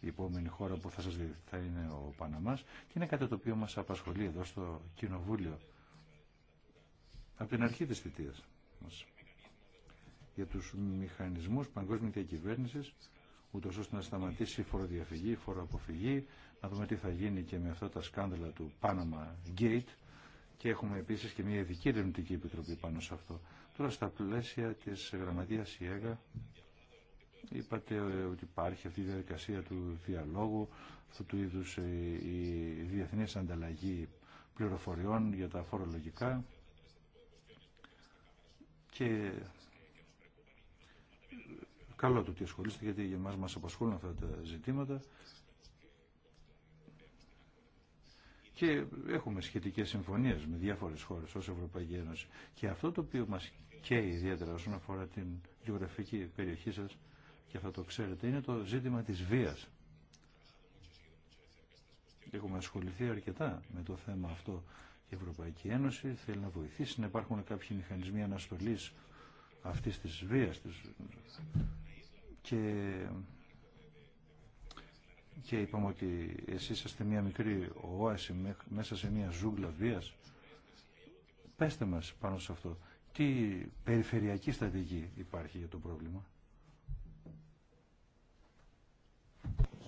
Η επόμενη χώρα που θα σας δει θα είναι ο Παναμάς και είναι κάτι το οποίο μας απασχολεί εδώ στο Κοινοβούλιο από την αρχή της θητείας μας για τους μηχανισμούς παγκόσμιας διακυβέρνησης ούτως ώστε να σταματήσει η φοροδιαφυγή, η φοροαποφυγή να δούμε τι θα γίνει και με αυτά τα σκάνδαλα του Panama Gate και έχουμε επίσης και μια ειδική ερευνητική επιτροπή πάνω σε αυτό. Τώρα στα πλαίσια της γραμματείας ΙΕΓΑ είπατε ότι υπάρχει αυτή η διαδικασία του διαλόγου, αυτού του είδους ε, η διεθνής ανταλλαγή πληροφοριών για τα φορολογικά και καλό το ότι ασχολείστε γιατί για εμάς μας απασχολούν αυτά τα ζητήματα Και έχουμε σχετικές συμφωνίες με διάφορες χώρες ως Ευρωπαϊκή Ένωση. Και αυτό το οποίο μας καίει ιδιαίτερα όσον αφορά την γεωγραφική περιοχή σας, και αυτό το ξέρετε, είναι το ζήτημα της βίας. Έχουμε ασχοληθεί αρκετά με το θέμα αυτό. Η Ευρωπαϊκή Ένωση θέλει να βοηθήσει να υπάρχουν κάποιοι μηχανισμοί αναστολής αυτής της βίας και και είπαμε ότι εσείς είστε μια μικρή οάση μέσα σε μια ζούγκλα βίας. Πέστε μας πάνω σε αυτό. Τι περιφερειακή στρατηγική υπάρχει για το πρόβλημα.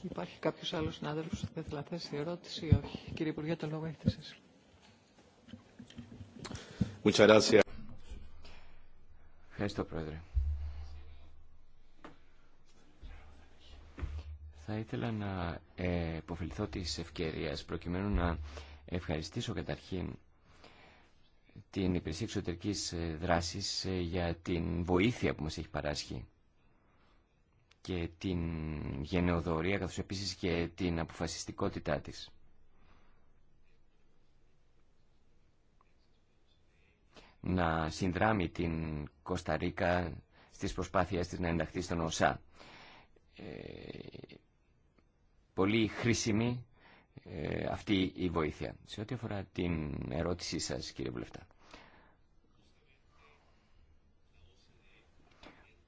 Υπάρχει κάποιο άλλο συνάδελφο που θα να θέσει ερώτηση ή όχι. Κύριε Υπουργέ, το λόγο έχετε εσεί. Ευχαριστώ, Πρόεδρε. Θα ήθελα να ε, υποφεληθώ της ευκαιρίας προκειμένου να ευχαριστήσω καταρχήν την Υπηρεσία Εξωτερικής Δράσης ε, για την βοήθεια που μας έχει παράσχει και την γενεοδορία καθώς επίσης και την αποφασιστικότητά της. να συνδράμει την Κωνσταντίνα στις προσπάθειές της να ενταχθεί στον ΟΣΑ. Ε, πολύ χρήσιμη ε, αυτή η βοήθεια. Σε ό,τι αφορά την ερώτησή σας, κύριε Βουλευτά.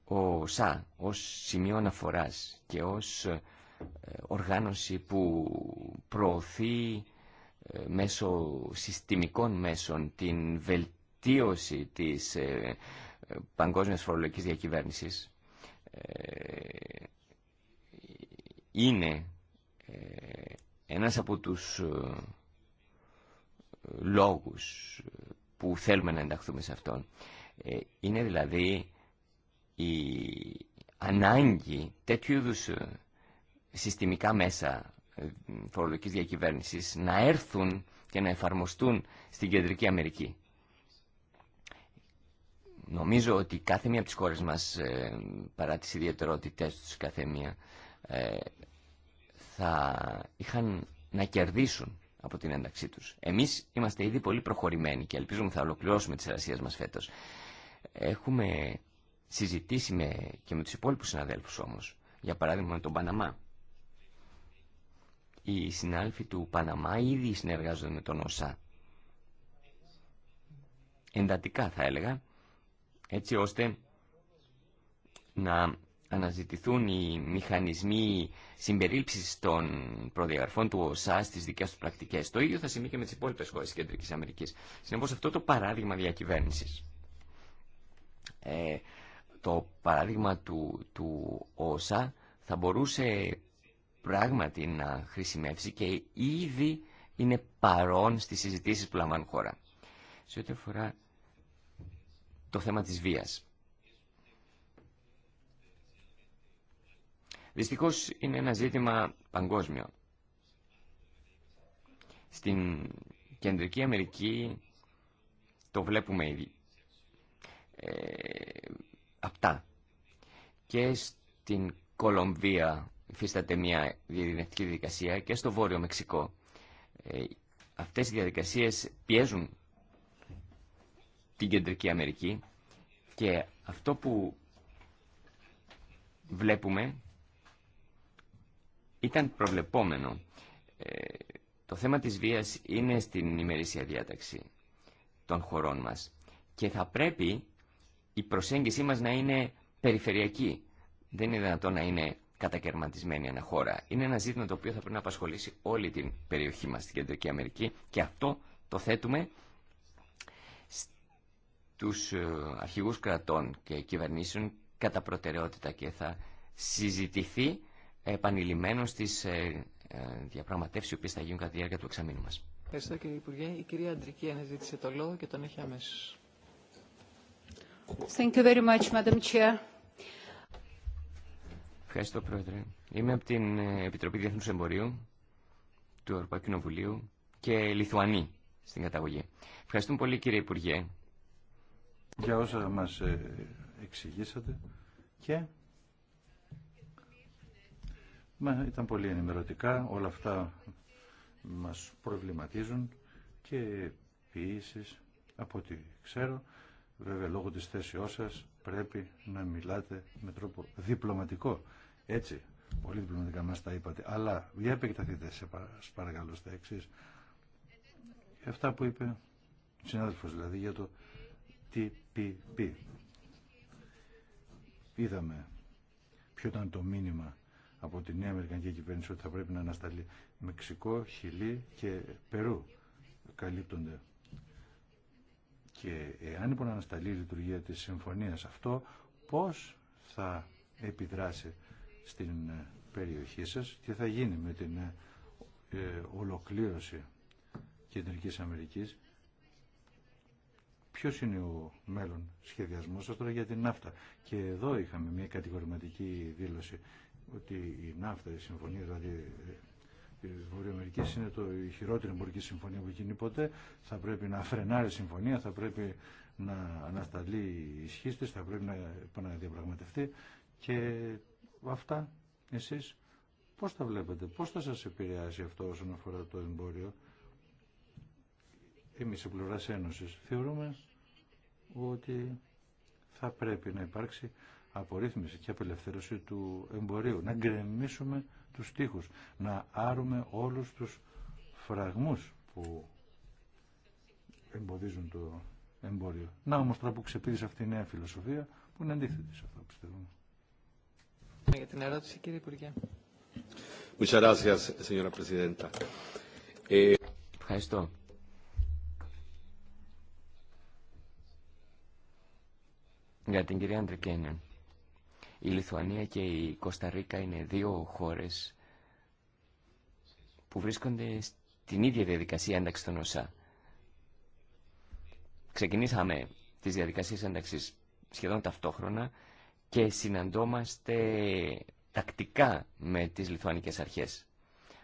Ο ΣΑ ως σημείο αναφοράς και ως ε, οργάνωση που προωθεί ε, μέσω συστημικών μέσων την βελτίωση της παγκόσμιας φορολογικής διακυβέρνησης είναι ε, ένας από τους ε, λόγους ε, που θέλουμε να ενταχθούμε σε αυτόν είναι δηλαδή η ανάγκη τέτοιου είδου συστημικά μέσα φορολογικής διακυβέρνησης να έρθουν και να εφαρμοστούν στην Κεντρική Αμερική. Νομίζω ότι κάθε μία από τις χώρες μας, παρά τις ιδιαιτερότητές τους κάθε μία, θα είχαν να κερδίσουν από την ένταξή τους. Εμείς είμαστε ήδη πολύ προχωρημένοι και ελπίζουμε θα ολοκληρώσουμε τις εργασίες μας φέτος. Έχουμε συζητήσει με, και με τους υπόλοιπους συναδέλφους όμως, για παράδειγμα με τον Παναμά. Οι συνάλφοι του Παναμά ήδη συνεργάζονται με τον ΩΣΑ. Εντατικά θα έλεγα, έτσι ώστε να αναζητηθούν οι μηχανισμοί συμπερίληψης των προδιαγραφών του ΟΣΑ στις δικές του πρακτικές. Το ίδιο θα συμβεί και με τις υπόλοιπες χώρες της Κεντρικής Αμερικής. Συνεπώς αυτό το παράδειγμα διακυβέρνησης. Ε, το παράδειγμα του, του ΟΣΑ θα μπορούσε πράγματι να χρησιμεύσει και ήδη είναι παρόν στις συζητήσεις που λαμβάνουν χώρα. Σε ό,τι αφορά το θέμα της βίας. Δυστυχώς είναι ένα ζήτημα παγκόσμιο. Στην Κεντρική Αμερική το βλέπουμε ήδη ε, Και στην Κολομβία υφίσταται μια διαδικαστική διαδικασία και στο Βόρειο Μεξικό. Ε, αυτές οι διαδικασίες πιέζουν την Κεντρική Αμερική και αυτό που βλέπουμε ήταν προβλεπόμενο. Ε, το θέμα της βίας είναι στην ημερήσια διάταξη των χωρών μας και θα πρέπει η προσέγγιση μας να είναι περιφερειακή. Δεν είναι δυνατόν να είναι κατακαιρματισμένη ένα χώρα. Είναι ένα ζήτημα το οποίο θα πρέπει να απασχολήσει όλη την περιοχή μας στην Κεντρική Αμερική και αυτό το θέτουμε στους ε, αρχηγούς κρατών και κυβερνήσεων κατά προτεραιότητα και θα συζητηθεί επανειλημμένων στις ε, ε, διαπραγματεύσεις που θα γίνουν κατά τη διάρκεια του εξαμήνου μας. Ευχαριστώ κύριε Υπουργέ. Η κυρία Αντρική αναζήτησε το λόγο και τον έχει αμέσω. Thank you very much, Madam Ευχαριστώ, Πρόεδρε. Είμαι από την ε, Επιτροπή Διεθνούς Εμπορίου του Ευρωπαϊκού Κοινοβουλίου και Λιθουανή στην καταγωγή. Ευχαριστούμε πολύ, κύριε Υπουργέ. Για όσα μας εξηγήσατε και Μα ήταν πολύ ενημερωτικά, όλα αυτά μας προβληματίζουν και ποιήσεις από ό,τι ξέρω, βέβαια λόγω της θέσης σας πρέπει να μιλάτε με τρόπο διπλωματικό. Έτσι, πολύ διπλωματικά μας τα είπατε. Αλλά για επεκταθείτε σε παρακαλώ στα εξή. Αυτά που είπε ο συνάδελφος δηλαδή για το TPP. Είδαμε ποιο ήταν το μήνυμα από τη νέα Αμερικανική κυβέρνηση ότι θα πρέπει να ανασταλεί Μεξικό, Χιλή και Περού καλύπτονται. Και εάν λοιπόν ανασταλεί η λειτουργία της συμφωνίας αυτό, πώς θα επιδράσει στην ε, περιοχή σας, τι θα γίνει με την ε, ε, ολοκλήρωση Κεντρικής Αμερικής, ποιος είναι ο μέλλον σχεδιασμός σας τώρα για την ναύτα. Και εδώ είχαμε μια κατηγορηματική δήλωση ότι η ναύτα, η συμφωνία δηλαδή ε, τη Βορειοαμερική είναι το, η χειρότερη εμπορική συμφωνία που γίνει ποτέ. Θα πρέπει να φρενάρει η συμφωνία, θα πρέπει να ανασταλεί η ισχύ τη, θα πρέπει να επαναδιαπραγματευτεί. Και αυτά εσεί πώ τα βλέπετε, πώ θα σα επηρεάσει αυτό όσον αφορά το εμπόριο. Εμεί σε πλευρά Ένωση θεωρούμε ότι θα πρέπει να υπάρξει απορρίθμιση και απελευθέρωση του εμπορίου, να γκρεμίσουμε τους στίχους. να άρουμε όλους τους φραγμούς που εμποδίζουν το εμπόριο. Να όμως τώρα που ξεπίδησε αυτή η νέα φιλοσοφία που είναι αντίθετη σε αυτό πιστεύουμε. Ναι, για την ερώτηση κύριε Υπουργέ. Ε, Ευχαριστώ. Για την κυρία Αντρικένεν. Η Λιθουανία και η Κωνσταντίνα είναι δύο χώρες που βρίσκονται στην ίδια διαδικασία ένταξη των ΩΣΑ. Ξεκινήσαμε τις διαδικασίες ένταξη σχεδόν ταυτόχρονα και συναντώμαστε τακτικά με τις λιθουανικές αρχές,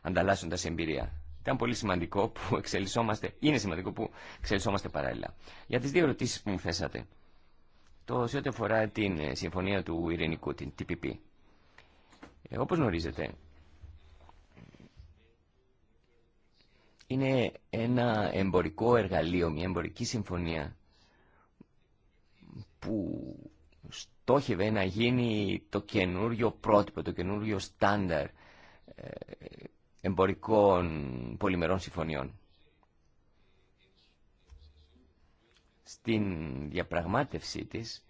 ανταλλάσσοντας εμπειρία. Ήταν πολύ σημαντικό που εξελισσόμαστε, είναι σημαντικό που εξελισσόμαστε παράλληλα. Για τις δύο ερωτήσεις που μου θέσατε. Το σε ό,τι αφορά την ε, συμφωνία του ειρηνικού, την TPP. Ε, όπως γνωρίζετε, είναι ένα εμπορικό εργαλείο, μια εμπορική συμφωνία που στόχευε να γίνει το καινούριο πρότυπο, το καινούριο στάνταρ ε, εμπορικών πολυμερών συμφωνιών. στην διαπραγμάτευσή της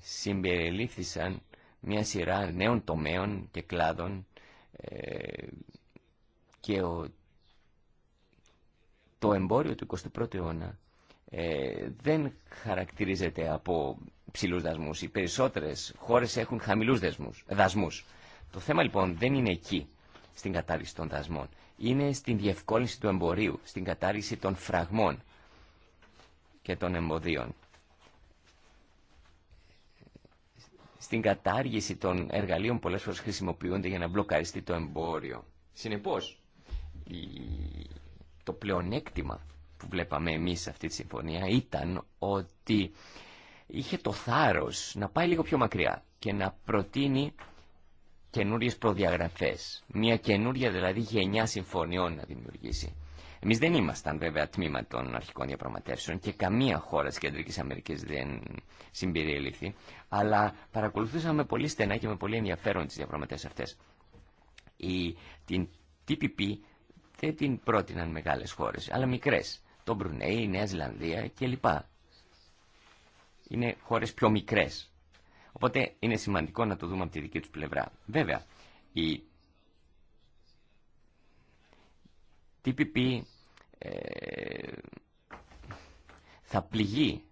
συμπεριλήφθησαν μια σειρά νέων τομέων και κλάδων ε, και ο, το εμπόριο του 21ου αιώνα ε, δεν χαρακτηρίζεται από ψηλούς δασμούς. Οι περισσότερες χώρες έχουν χαμηλούς δασμούς. Το θέμα λοιπόν δεν είναι εκεί στην κατάργηση των δασμών. Είναι στην διευκόλυνση του εμπορίου, στην κατάργηση των φραγμών και των εμποδίων. Στην κατάργηση των εργαλείων πολλές φορές χρησιμοποιούνται για να μπλοκαριστεί το εμπόριο. Συνεπώς, το πλεονέκτημα που βλέπαμε εμείς σε αυτή τη συμφωνία ήταν ότι είχε το θάρρος να πάει λίγο πιο μακριά και να προτείνει καινούριε προδιαγραφέ, Μια καινούρια δηλαδή γενιά συμφωνιών να δημιουργήσει. Εμεί δεν ήμασταν βέβαια τμήμα των αρχικών διαπραγματεύσεων και καμία χώρα τη Κεντρική Αμερική δεν συμπεριελήφθη, αλλά παρακολουθούσαμε πολύ στενά και με πολύ ενδιαφέρον τι διαπραγματεύσει αυτέ. Την TPP δεν την πρότειναν μεγάλε χώρε, αλλά μικρέ. Το Μπρουνέι, η Νέα Ζηλανδία κλπ. Είναι χώρε πιο μικρέ Οπότε είναι σημαντικό να το δούμε από τη δική του πλευρά. Βέβαια, η TPP ε, θα πληγεί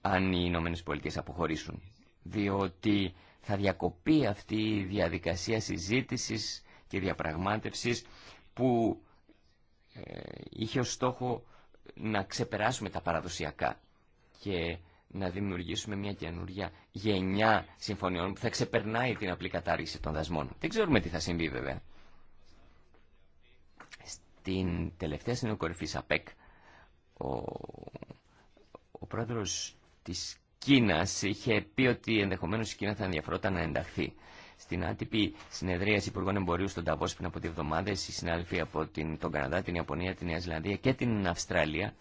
αν οι Ηνωμένε Πολιτείε αποχωρήσουν, διότι θα διακοπεί αυτή η διαδικασία συζήτησης και διαπραγμάτευσης που ε, είχε ως στόχο να ξεπεράσουμε τα παραδοσιακά και να δημιουργήσουμε μια καινούργια γενιά συμφωνιών που θα ξεπερνάει την απλή κατάργηση των δασμών. Δεν ξέρουμε τι θα συμβεί βέβαια. Στην τελευταία σύνολο κορυφής ΑΠΕΚ, ο, ο πρόεδρος της Κίνας είχε πει ότι ενδεχομένως η Κίνα θα ενδιαφερόταν να ενταχθεί. Στην άτυπη συνεδρία Υπουργών Εμπορίου στον Ταβό πριν από δύο εβδομάδε, οι συνάδελφοι από την, τον Καναδά, την Ιαπωνία, την Νέα Ζηλανδία και την Αυστραλία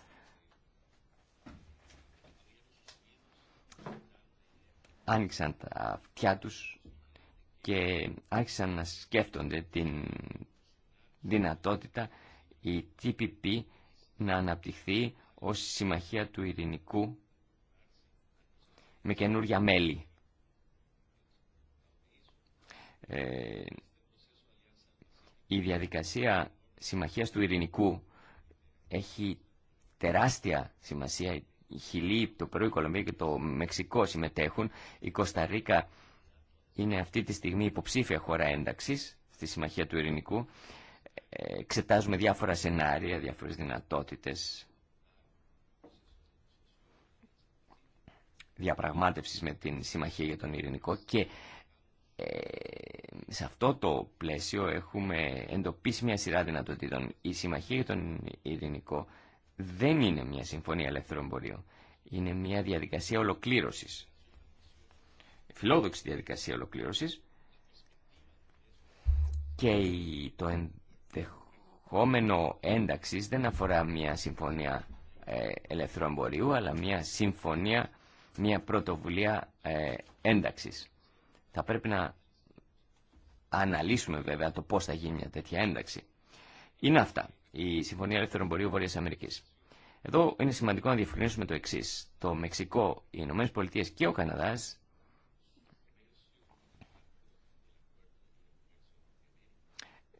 άνοιξαν τα αυτιά τους και άρχισαν να σκέφτονται την δυνατότητα η TPP να αναπτυχθεί ως συμμαχία του ειρηνικού με καινούρια μέλη. Ε, η διαδικασία συμμαχίας του ειρηνικού έχει τεράστια σημασία η Χιλή, το Περού, η Κολομβία και το Μεξικό συμμετέχουν. Η Κοσταρικά είναι αυτή τη στιγμή υποψήφια χώρα ένταξης στη Συμμαχία του Ειρηνικού. Ε, εξετάζουμε διάφορα σενάρια, διάφορες δυνατότητες διαπραγμάτευσης με την Συμμαχία για τον Ειρηνικό και ε, σε αυτό το πλαίσιο έχουμε εντοπίσει μια σειρά δυνατοτήτων. Η Συμμαχία για τον Ειρηνικό δεν είναι μια συμφωνία ελεύθερου εμπορίου. Είναι μια διαδικασία ολοκλήρωσης. Φιλόδοξη διαδικασία ολοκλήρωσης και το ενδεχόμενο ένταξης δεν αφορά μια συμφωνία ε, ελεύθερου εμπορίου αλλά μια συμφωνία, μια πρωτοβουλία ε, ένταξης. Θα πρέπει να αναλύσουμε βέβαια το πώς θα γίνει μια τέτοια ένταξη. Είναι αυτά η Συμφωνία Ελεύθερων Εμπορίου Βορεια Αμερική. Εδώ είναι σημαντικό να διευκρινίσουμε το εξή. Το Μεξικό, οι Ηνωμένε Πολιτείε και ο Καναδά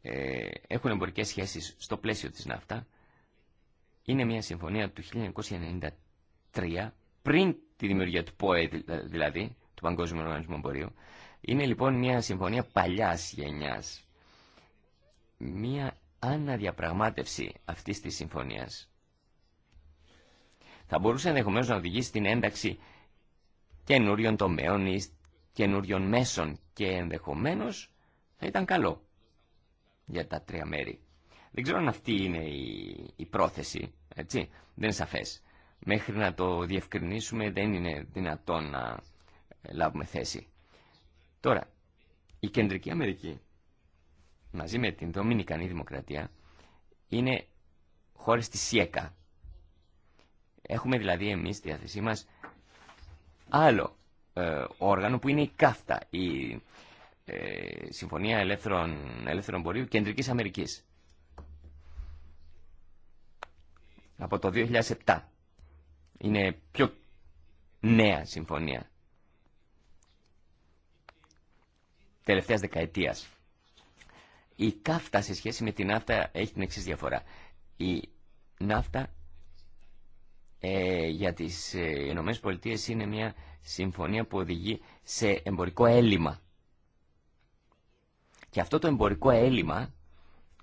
ε, έχουν εμπορικές σχέσεις στο πλαίσιο τη ναύτα. Είναι μια συμφωνία του 1993, πριν τη δημιουργία του ΠΟΕ δηλαδή, του Παγκόσμιου Οργανισμού Εμπορίου. Είναι λοιπόν μια συμφωνία παλιά γενιά. Μια αναδιαπραγμάτευση αυτή της συμφωνίας θα μπορούσε ενδεχομένω να οδηγήσει στην ένταξη καινούριων τομέων ή καινούριων μέσων και ενδεχομένως θα ήταν καλό για τα τρία μέρη. Δεν ξέρω αν αυτή είναι η, πρόθεση, έτσι, δεν είναι σαφές. Μέχρι να το διευκρινίσουμε δεν είναι δυνατόν να λάβουμε θέση. Τώρα, η Κεντρική Αμερική μαζί με την Δομινικανή Δημοκρατία είναι χώρες της ΣΥΕΚΑ. Έχουμε δηλαδή εμείς στη διάθεσή μας άλλο ε, όργανο που είναι η ΚΑΦΤΑ, η ε, Συμφωνία Ελεύθερων, Ελεύθερων Πορείου Κεντρικής Αμερικής. Από το 2007. Είναι πιο νέα συμφωνία. Τελευταίας δεκαετίας. Η κάφτα σε σχέση με την ναύτα έχει την εξή διαφορά. Η ναύτα ε, για τις ε, Ηνωμένες Πολιτείες είναι μια συμφωνία που οδηγεί σε εμπορικό έλλειμμα. Και αυτό το εμπορικό έλλειμμα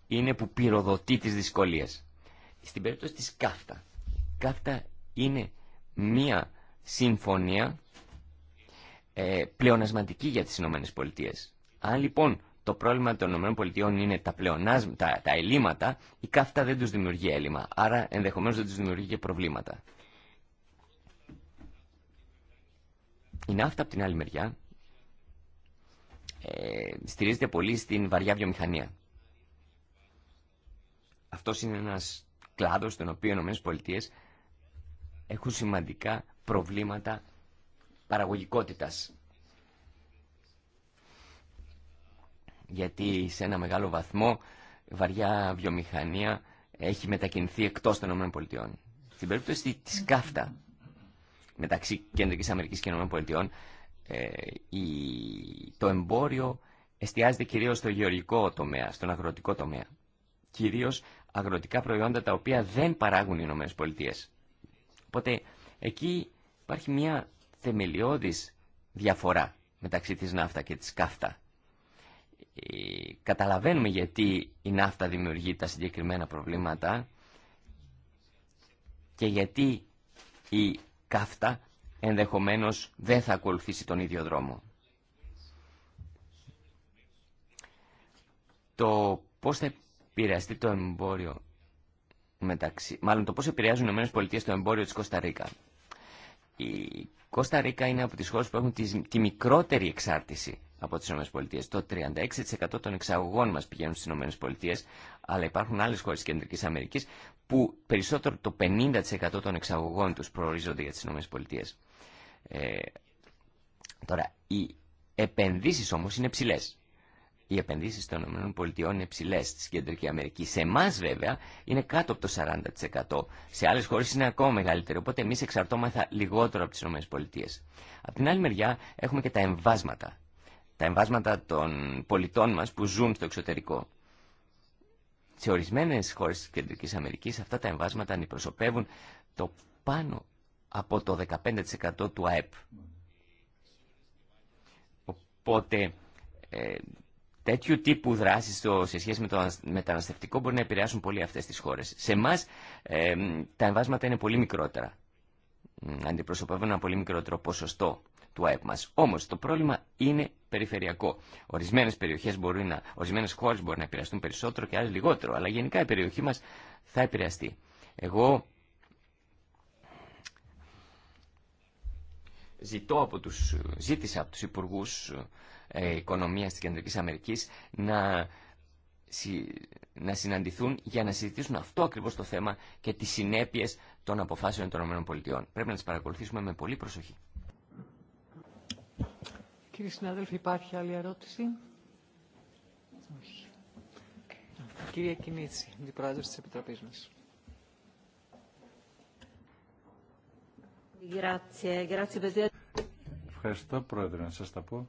είναι που πυροδοτεί τις δυσκολίες. Στην περίπτωση της κάφτα. Η κάφτα είναι μια συμφωνία ε, πλεονασματική για τις Ηνωμένες Πολιτείες. Αν λοιπόν το πρόβλημα των ΗΠΑ είναι τα πλεονάσματα, τα ελλείμματα, η καύτα δεν τους δημιουργεί έλλειμμα, άρα ενδεχομένως δεν του δημιουργεί και προβλήματα. Η ναύτα από την άλλη μεριά ε, στηρίζεται πολύ στην βαριά βιομηχανία. Αυτός είναι ένας κλάδος στον οποίο οι ΗΠΑ έχουν σημαντικά προβλήματα παραγωγικότητας γιατί σε ένα μεγάλο βαθμό βαριά βιομηχανία έχει μετακινηθεί εκτός των ΗΠΑ. Στην περίπτωση της ΚΑΦΤΑ, μεταξύ Κεντρικής Αμερικής και ΗΠΑ, ε, το εμπόριο εστιάζεται κυρίως στο γεωργικό τομέα, στον αγροτικό τομέα. Κυρίως αγροτικά προϊόντα τα οποία δεν παράγουν οι ΗΠΑ. Οπότε εκεί υπάρχει μια θεμελιώδης διαφορά μεταξύ της ΝΑΦΤΑ και της κάφτα καταλαβαίνουμε γιατί η ναύτα δημιουργεί τα συγκεκριμένα προβλήματα και γιατί η καύτα ενδεχομένως δεν θα ακολουθήσει τον ίδιο δρόμο. Το πώς θα επηρεαστεί το εμπόριο μεταξύ, μάλλον το πώς επηρεάζουν οι ΗΠΑ το εμπόριο της Ρίκα. Η Κώστα Ρίκα είναι από τις χώρες που έχουν τη μικρότερη εξάρτηση από τις ΗΠΑ. Το 36% των εξαγωγών μα πηγαίνουν στι ΗΠΑ, αλλά υπάρχουν άλλε χώρε τη Κεντρική Αμερική που περισσότερο το 50% των εξαγωγών του προορίζονται για τι ΗΠΑ. Ε, τώρα, οι επενδύσει όμω είναι ψηλέ. Οι επενδύσει των ΗΠΑ είναι ψηλέ στην Κεντρική Αμερική. Σε εμά βέβαια είναι κάτω από το 40%. Σε άλλε χώρε είναι ακόμα μεγαλύτερο. Οπότε εμεί εξαρτώμεθα λιγότερο από τι ΗΠΑ. Απ' την άλλη μεριά έχουμε και τα εμβάσματα τα εμβάσματα των πολιτών μας που ζουν στο εξωτερικό. Σε ορισμένες χώρες της Κεντρικής Αμερικής αυτά τα εμβάσματα αντιπροσωπεύουν το πάνω από το 15% του ΑΕΠ. Οπότε ε, τέτοιου τύπου δράσεις σε σχέση με το μεταναστευτικό μπορεί να επηρεάσουν πολύ αυτές τις χώρες. Σε εμά ε, τα εμβάσματα είναι πολύ μικρότερα. Αντιπροσωπεύουν ένα πολύ μικρότερο ποσοστό του ΑΕΠ μας. Όμως το πρόβλημα είναι περιφερειακό. Ορισμένες περιοχές μπορεί να, ορισμένες χώρες μπορεί να επηρεαστούν περισσότερο και άλλες λιγότερο, αλλά γενικά η περιοχή μας θα επηρεαστεί. Εγώ ζητώ από τους, ζήτησα από τους υπουργούς ε, οικονομίας της Κεντρικής Αμερικής να, να συναντηθούν για να συζητήσουν αυτό ακριβώς το θέμα και τις συνέπειες των αποφάσεων των ΗΠΑ. Πρέπει να τις παρακολουθήσουμε με πολύ προσοχή. Κύριε συνάδελφοι, υπάρχει άλλη ερώτηση. Όχι. Κυρία Κινίτση, αντιπρόεδρος της Επιτροπής μας. Ευχαριστώ, Πρόεδρε, να σας τα πω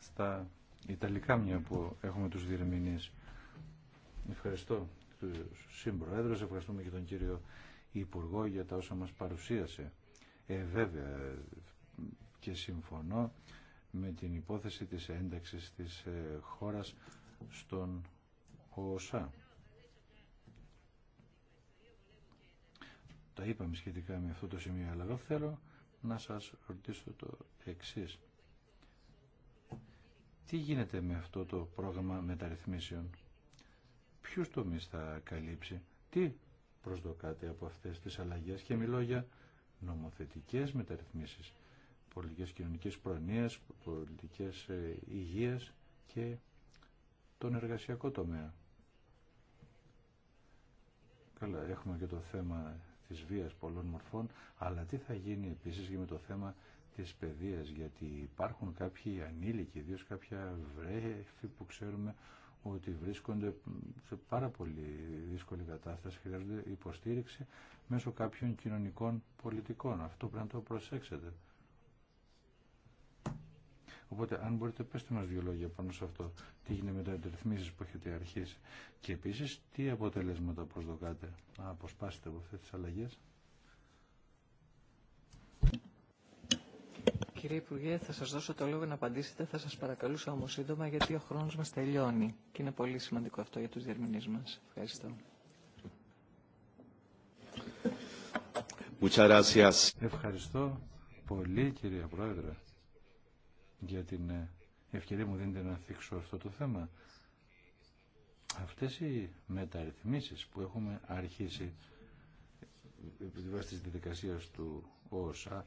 στα Ιταλικά μια που έχουμε τους διερμηνείς. Ευχαριστώ του συμπροέδρους, ευχαριστούμε και τον κύριο Υπουργό για τα όσα μας παρουσίασε. Ε, βέβαια, και συμφωνώ με την υπόθεση της ένταξης της ε, χώρας στον ΟΣΑ. Τα είπαμε σχετικά με αυτό το σημείο, αλλά εγώ θέλω να σας ρωτήσω το εξής. Τι γίνεται με αυτό το πρόγραμμα μεταρρυθμίσεων, ποιους τομείς θα καλύψει, τι προσδοκάτε από αυτές τις αλλαγές και μιλώ για νομοθετικές μεταρρυθμίσεις πολιτικές κοινωνικές προνοίας, πολιτικές ε, υγείας και τον εργασιακό τομέα. Καλά, έχουμε και το θέμα της βίας πολλών μορφών, αλλά τι θα γίνει επίσης και με το θέμα της παιδείας, γιατί υπάρχουν κάποιοι ανήλικοι, ιδίω κάποια βρέφη που ξέρουμε ότι βρίσκονται σε πάρα πολύ δύσκολη κατάσταση, χρειάζονται υποστήριξη μέσω κάποιων κοινωνικών πολιτικών. Αυτό πρέπει να το προσέξετε. Οπότε, αν μπορείτε, πέστε μας δύο λόγια πάνω σε αυτό. Τι γίνεται με τα ρυθμίσει που έχετε αρχίσει. Και επίσης, τι αποτελέσματα προσδοκάτε να αποσπάσετε από αυτές τις αλλαγές. Κύριε Υπουργέ, θα σας δώσω το λόγο να απαντήσετε. Θα σας παρακαλούσα όμως σύντομα, γιατί ο χρόνος μας τελειώνει. Και είναι πολύ σημαντικό αυτό για τους διερμηνείς μας. Ευχαριστώ. Ευχαριστώ πολύ, κύριε Πρόεδρε για την ε, ευκαιρία μου δίνετε να θίξω αυτό το θέμα. Αυτές οι μεταρρυθμίσεις που έχουμε αρχίσει επειδή τη του ΩΣΑ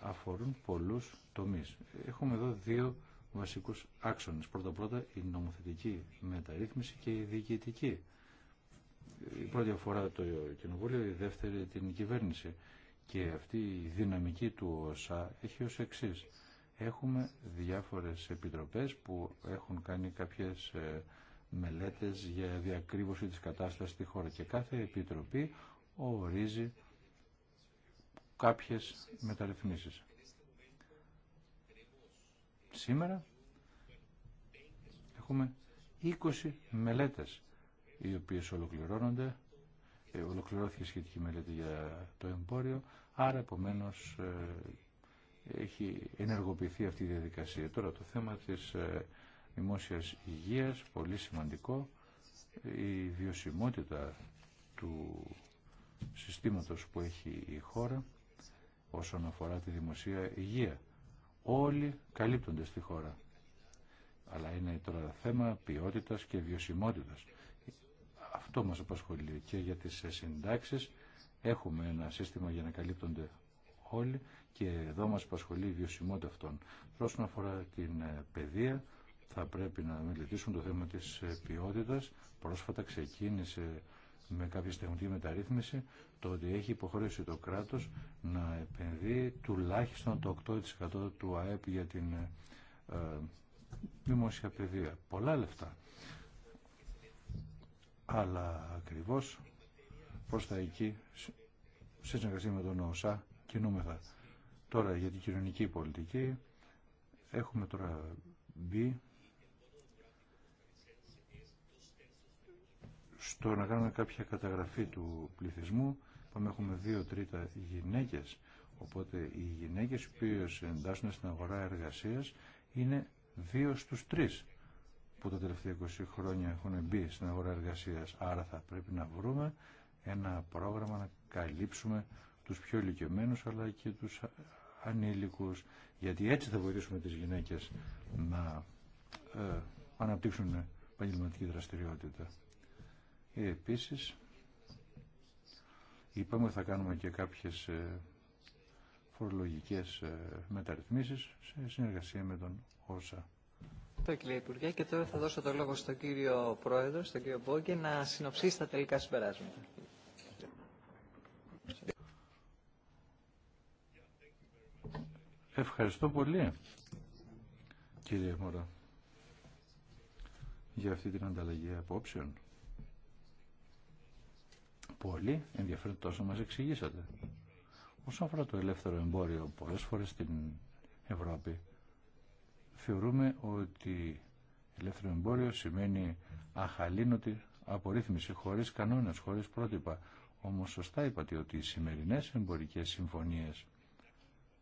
αφορούν πολλούς τομείς. Έχουμε εδώ δύο βασικούς άξονες. Πρώτα-πρώτα η νομοθετική μεταρρύθμιση και η διοικητική. Η πρώτη αφορά το κοινοβούλιο, η δεύτερη την κυβέρνηση. Και αυτή η δυναμική του ΩΣΑ έχει ως εξής Έχουμε διάφορες επιτροπές που έχουν κάνει κάποιες ε, μελέτες για διακρύβωση της κατάστασης στη χώρα και κάθε επιτροπή ορίζει κάποιες μεταρρυθμίσεις. Σήμερα έχουμε 20 μελέτες οι οποίες ολοκληρώνονται ε, ολοκληρώθηκε σχετική μελέτη για το εμπόριο άρα επομένως ε, έχει ενεργοποιηθεί αυτή η διαδικασία. Τώρα το θέμα της ε, δημόσιας υγείας, πολύ σημαντικό, η βιωσιμότητα του συστήματος που έχει η χώρα όσον αφορά τη δημοσία υγεία. Όλοι καλύπτονται στη χώρα. Αλλά είναι τώρα θέμα ποιότητας και βιωσιμότητας. Αυτό μας απασχολεί και για τις συντάξεις έχουμε ένα σύστημα για να καλύπτονται όλοι και εδώ μας απασχολεί η βιωσιμότητα αυτών. Όσον αφορά την ε, παιδεία, θα πρέπει να μελετήσουμε το θέμα της ε, ποιότητα. Πρόσφατα ξεκίνησε με κάποια στεγνωτική μεταρρύθμιση το ότι έχει υποχρέωση το κράτος να επενδύει τουλάχιστον το 8% του ΑΕΠ για την ε, ε, δημόσια παιδεία. Πολλά λεφτά. Αλλά ακριβώ, προς τα εκεί, σε συνεργασία με τον κινούμεθα. Τώρα για την κοινωνική πολιτική έχουμε τώρα μπει στο να κάνουμε κάποια καταγραφή του πληθυσμού. Πάμε έχουμε δύο τρίτα γυναίκες, οπότε οι γυναίκες που εντάσσουν στην αγορά εργασίας είναι δύο στους τρεις που τα τελευταία 20 χρόνια έχουν μπει στην αγορά εργασίας. Άρα θα πρέπει να βρούμε ένα πρόγραμμα να καλύψουμε τους πιο ηλικιωμένους αλλά και τους ανήλικους γιατί έτσι θα βοηθήσουμε τις γυναίκες να ε, αναπτύξουν επαγγελματική δραστηριότητα. Ε, επίσης είπαμε ότι θα κάνουμε και κάποιες ε, φορολογικές ε, μεταρρυθμίσεις σε συνεργασία με τον ΩΣΑ. Ευχαριστώ κύριε Υπουργέ και τώρα θα δώσω το λόγο στον κύριο Πρόεδρο, στον κύριο Μπόγκε, να συνοψίσει τα τελικά συμπεράσματα. Ευχαριστώ πολύ, κύριε Μωρά, για αυτή την ανταλλαγή απόψεων. Πολύ ενδιαφέρον τόσο μας εξηγήσατε. Όσον αφορά το ελεύθερο εμπόριο, πολλές φορές στην Ευρώπη θεωρούμε ότι ελεύθερο εμπόριο σημαίνει αχαλήνωτη απορρίθμιση χωρίς κανόνες, χωρίς πρότυπα. Όμως σωστά είπατε ότι οι σημερινές εμπορικές συμφωνίες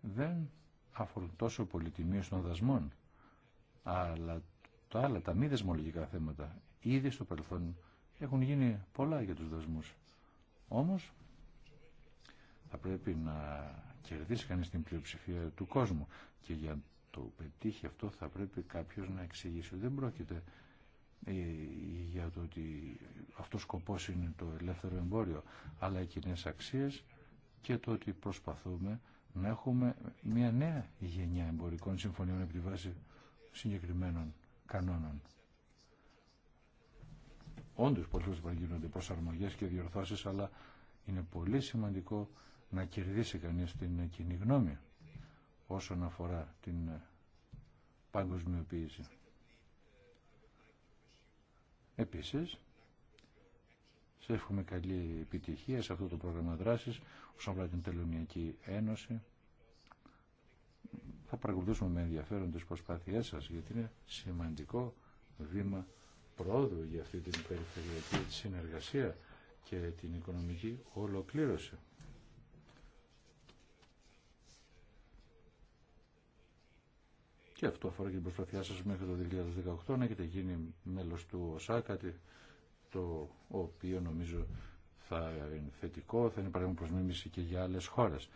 δεν αφορούν τόσο πολύ των δασμών, αλλά τα άλλα, τα μη δεσμολογικά θέματα, ήδη στο παρελθόν έχουν γίνει πολλά για τους δασμούς. Όμως, θα πρέπει να κερδίσει κανείς την πλειοψηφία του κόσμου και για το πετύχει αυτό θα πρέπει κάποιος να εξηγήσει ότι δεν πρόκειται ε, για το ότι αυτό σκοπός είναι το ελεύθερο εμπόριο αλλά κοινέ αξίες και το ότι προσπαθούμε να έχουμε μια νέα γενιά εμπορικών συμφωνιών επί τη βάση συγκεκριμένων κανόνων. Όντως πολλές φορές γίνονται προσαρμογές και διορθώσεις, αλλά είναι πολύ σημαντικό να κερδίσει κανείς την κοινή γνώμη όσον αφορά την παγκοσμιοποίηση. Επίσης, σε εύχομαι καλή επιτυχία σε αυτό το πρόγραμμα δράσης όσον αφορά την Τελωνιακή Ένωση. Θα παρακολουθήσουμε με ενδιαφέρον τις προσπάθειές σας γιατί είναι σημαντικό βήμα πρόοδου για αυτή την περιφερειακή συνεργασία και την οικονομική ολοκλήρωση. Και αυτό αφορά και την προσπάθειά σας μέχρι το 2018 να έχετε γίνει μέλος του ΟΣΑΚΑΤΗ το οποίο νομίζω θα είναι θετικό, θα είναι παράδειγμα προσμήμιση και για άλλες χώρες.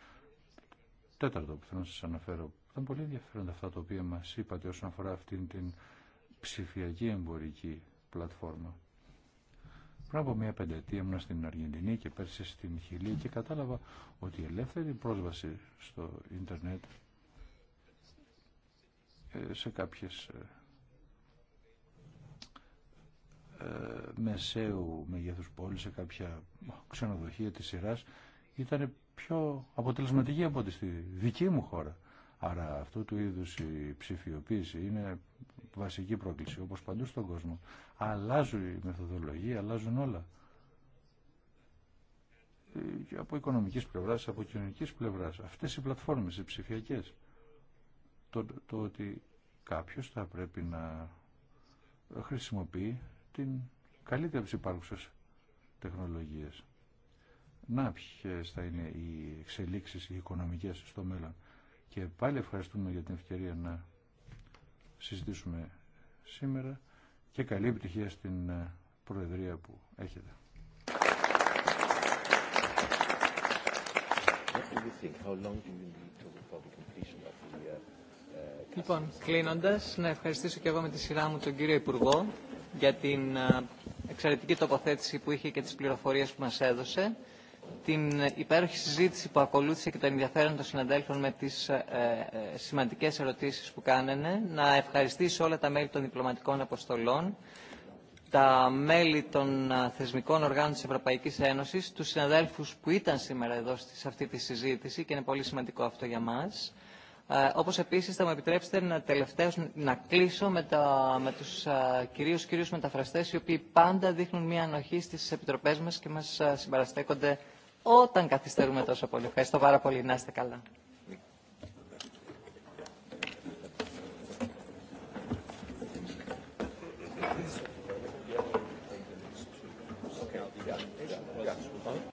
Τέταρτο που θέλω να σας αναφέρω, ήταν πολύ ενδιαφέροντα αυτά τα οποία μας είπατε όσον αφορά αυτήν την ψηφιακή εμπορική πλατφόρμα. Πριν από μια πενταετία ήμουν στην Αργεντινή και πέρσι στην Χιλή και κατάλαβα ότι η ελεύθερη πρόσβαση στο ίντερνετ ε, σε κάποιες ε, μεσαίου μεγέθους πόλη σε κάποια ξενοδοχεία της σειράς ήταν πιο αποτελεσματική από ό,τι στη δική μου χώρα. Άρα αυτού του είδους η ψηφιοποίηση είναι βασική πρόκληση όπως παντού στον κόσμο. Αλλάζουν οι μεθοδολογίες, αλλάζουν όλα. Και ε, από οικονομικής πλευράς, από κοινωνικής πλευράς. Αυτές οι πλατφόρμες, οι ψηφιακές. Το, το ότι κάποιος θα πρέπει να χρησιμοποιεί την καλύτερη από τις υπάρχουσες τεχνολογίες. Να ποιε θα είναι οι εξελίξεις οι οικονομικές στο μέλλον. Και πάλι ευχαριστούμε για την ευκαιρία να συζητήσουμε σήμερα και καλή επιτυχία στην ε, Προεδρία που έχετε. Uh, uh, λοιπόν, κλείνοντας, να ευχαριστήσω και εγώ με τη σειρά μου τον κύριο Υπουργό για την ε, εξαιρετική τοποθέτηση που είχε και τις πληροφορίες που μας έδωσε, την υπέροχη συζήτηση που ακολούθησε και το ενδιαφέρον των συναντέλφων με τις ε, ε σημαντικές ερωτήσεις που κάνανε, να ευχαριστήσω όλα τα μέλη των διπλωματικών αποστολών, τα μέλη των ε, θεσμικών οργάνων της Ευρωπαϊκής Ένωσης, τους συναδέλφους που ήταν σήμερα εδώ σε αυτή τη συζήτηση και είναι πολύ σημαντικό αυτό για μας ε, όπως επίσης θα μου επιτρέψετε να τελευταίως να κλείσω με, τα, με τους ε, κυρίους κυρίους μεταφραστές οι οποίοι πάντα δείχνουν μια ανοχή στι επιτροπές μας και μας ε, συμπαραστέκονται όταν καθυστερούμε τόσο πολύ. Ευχαριστώ πάρα πολύ. Να είστε καλά.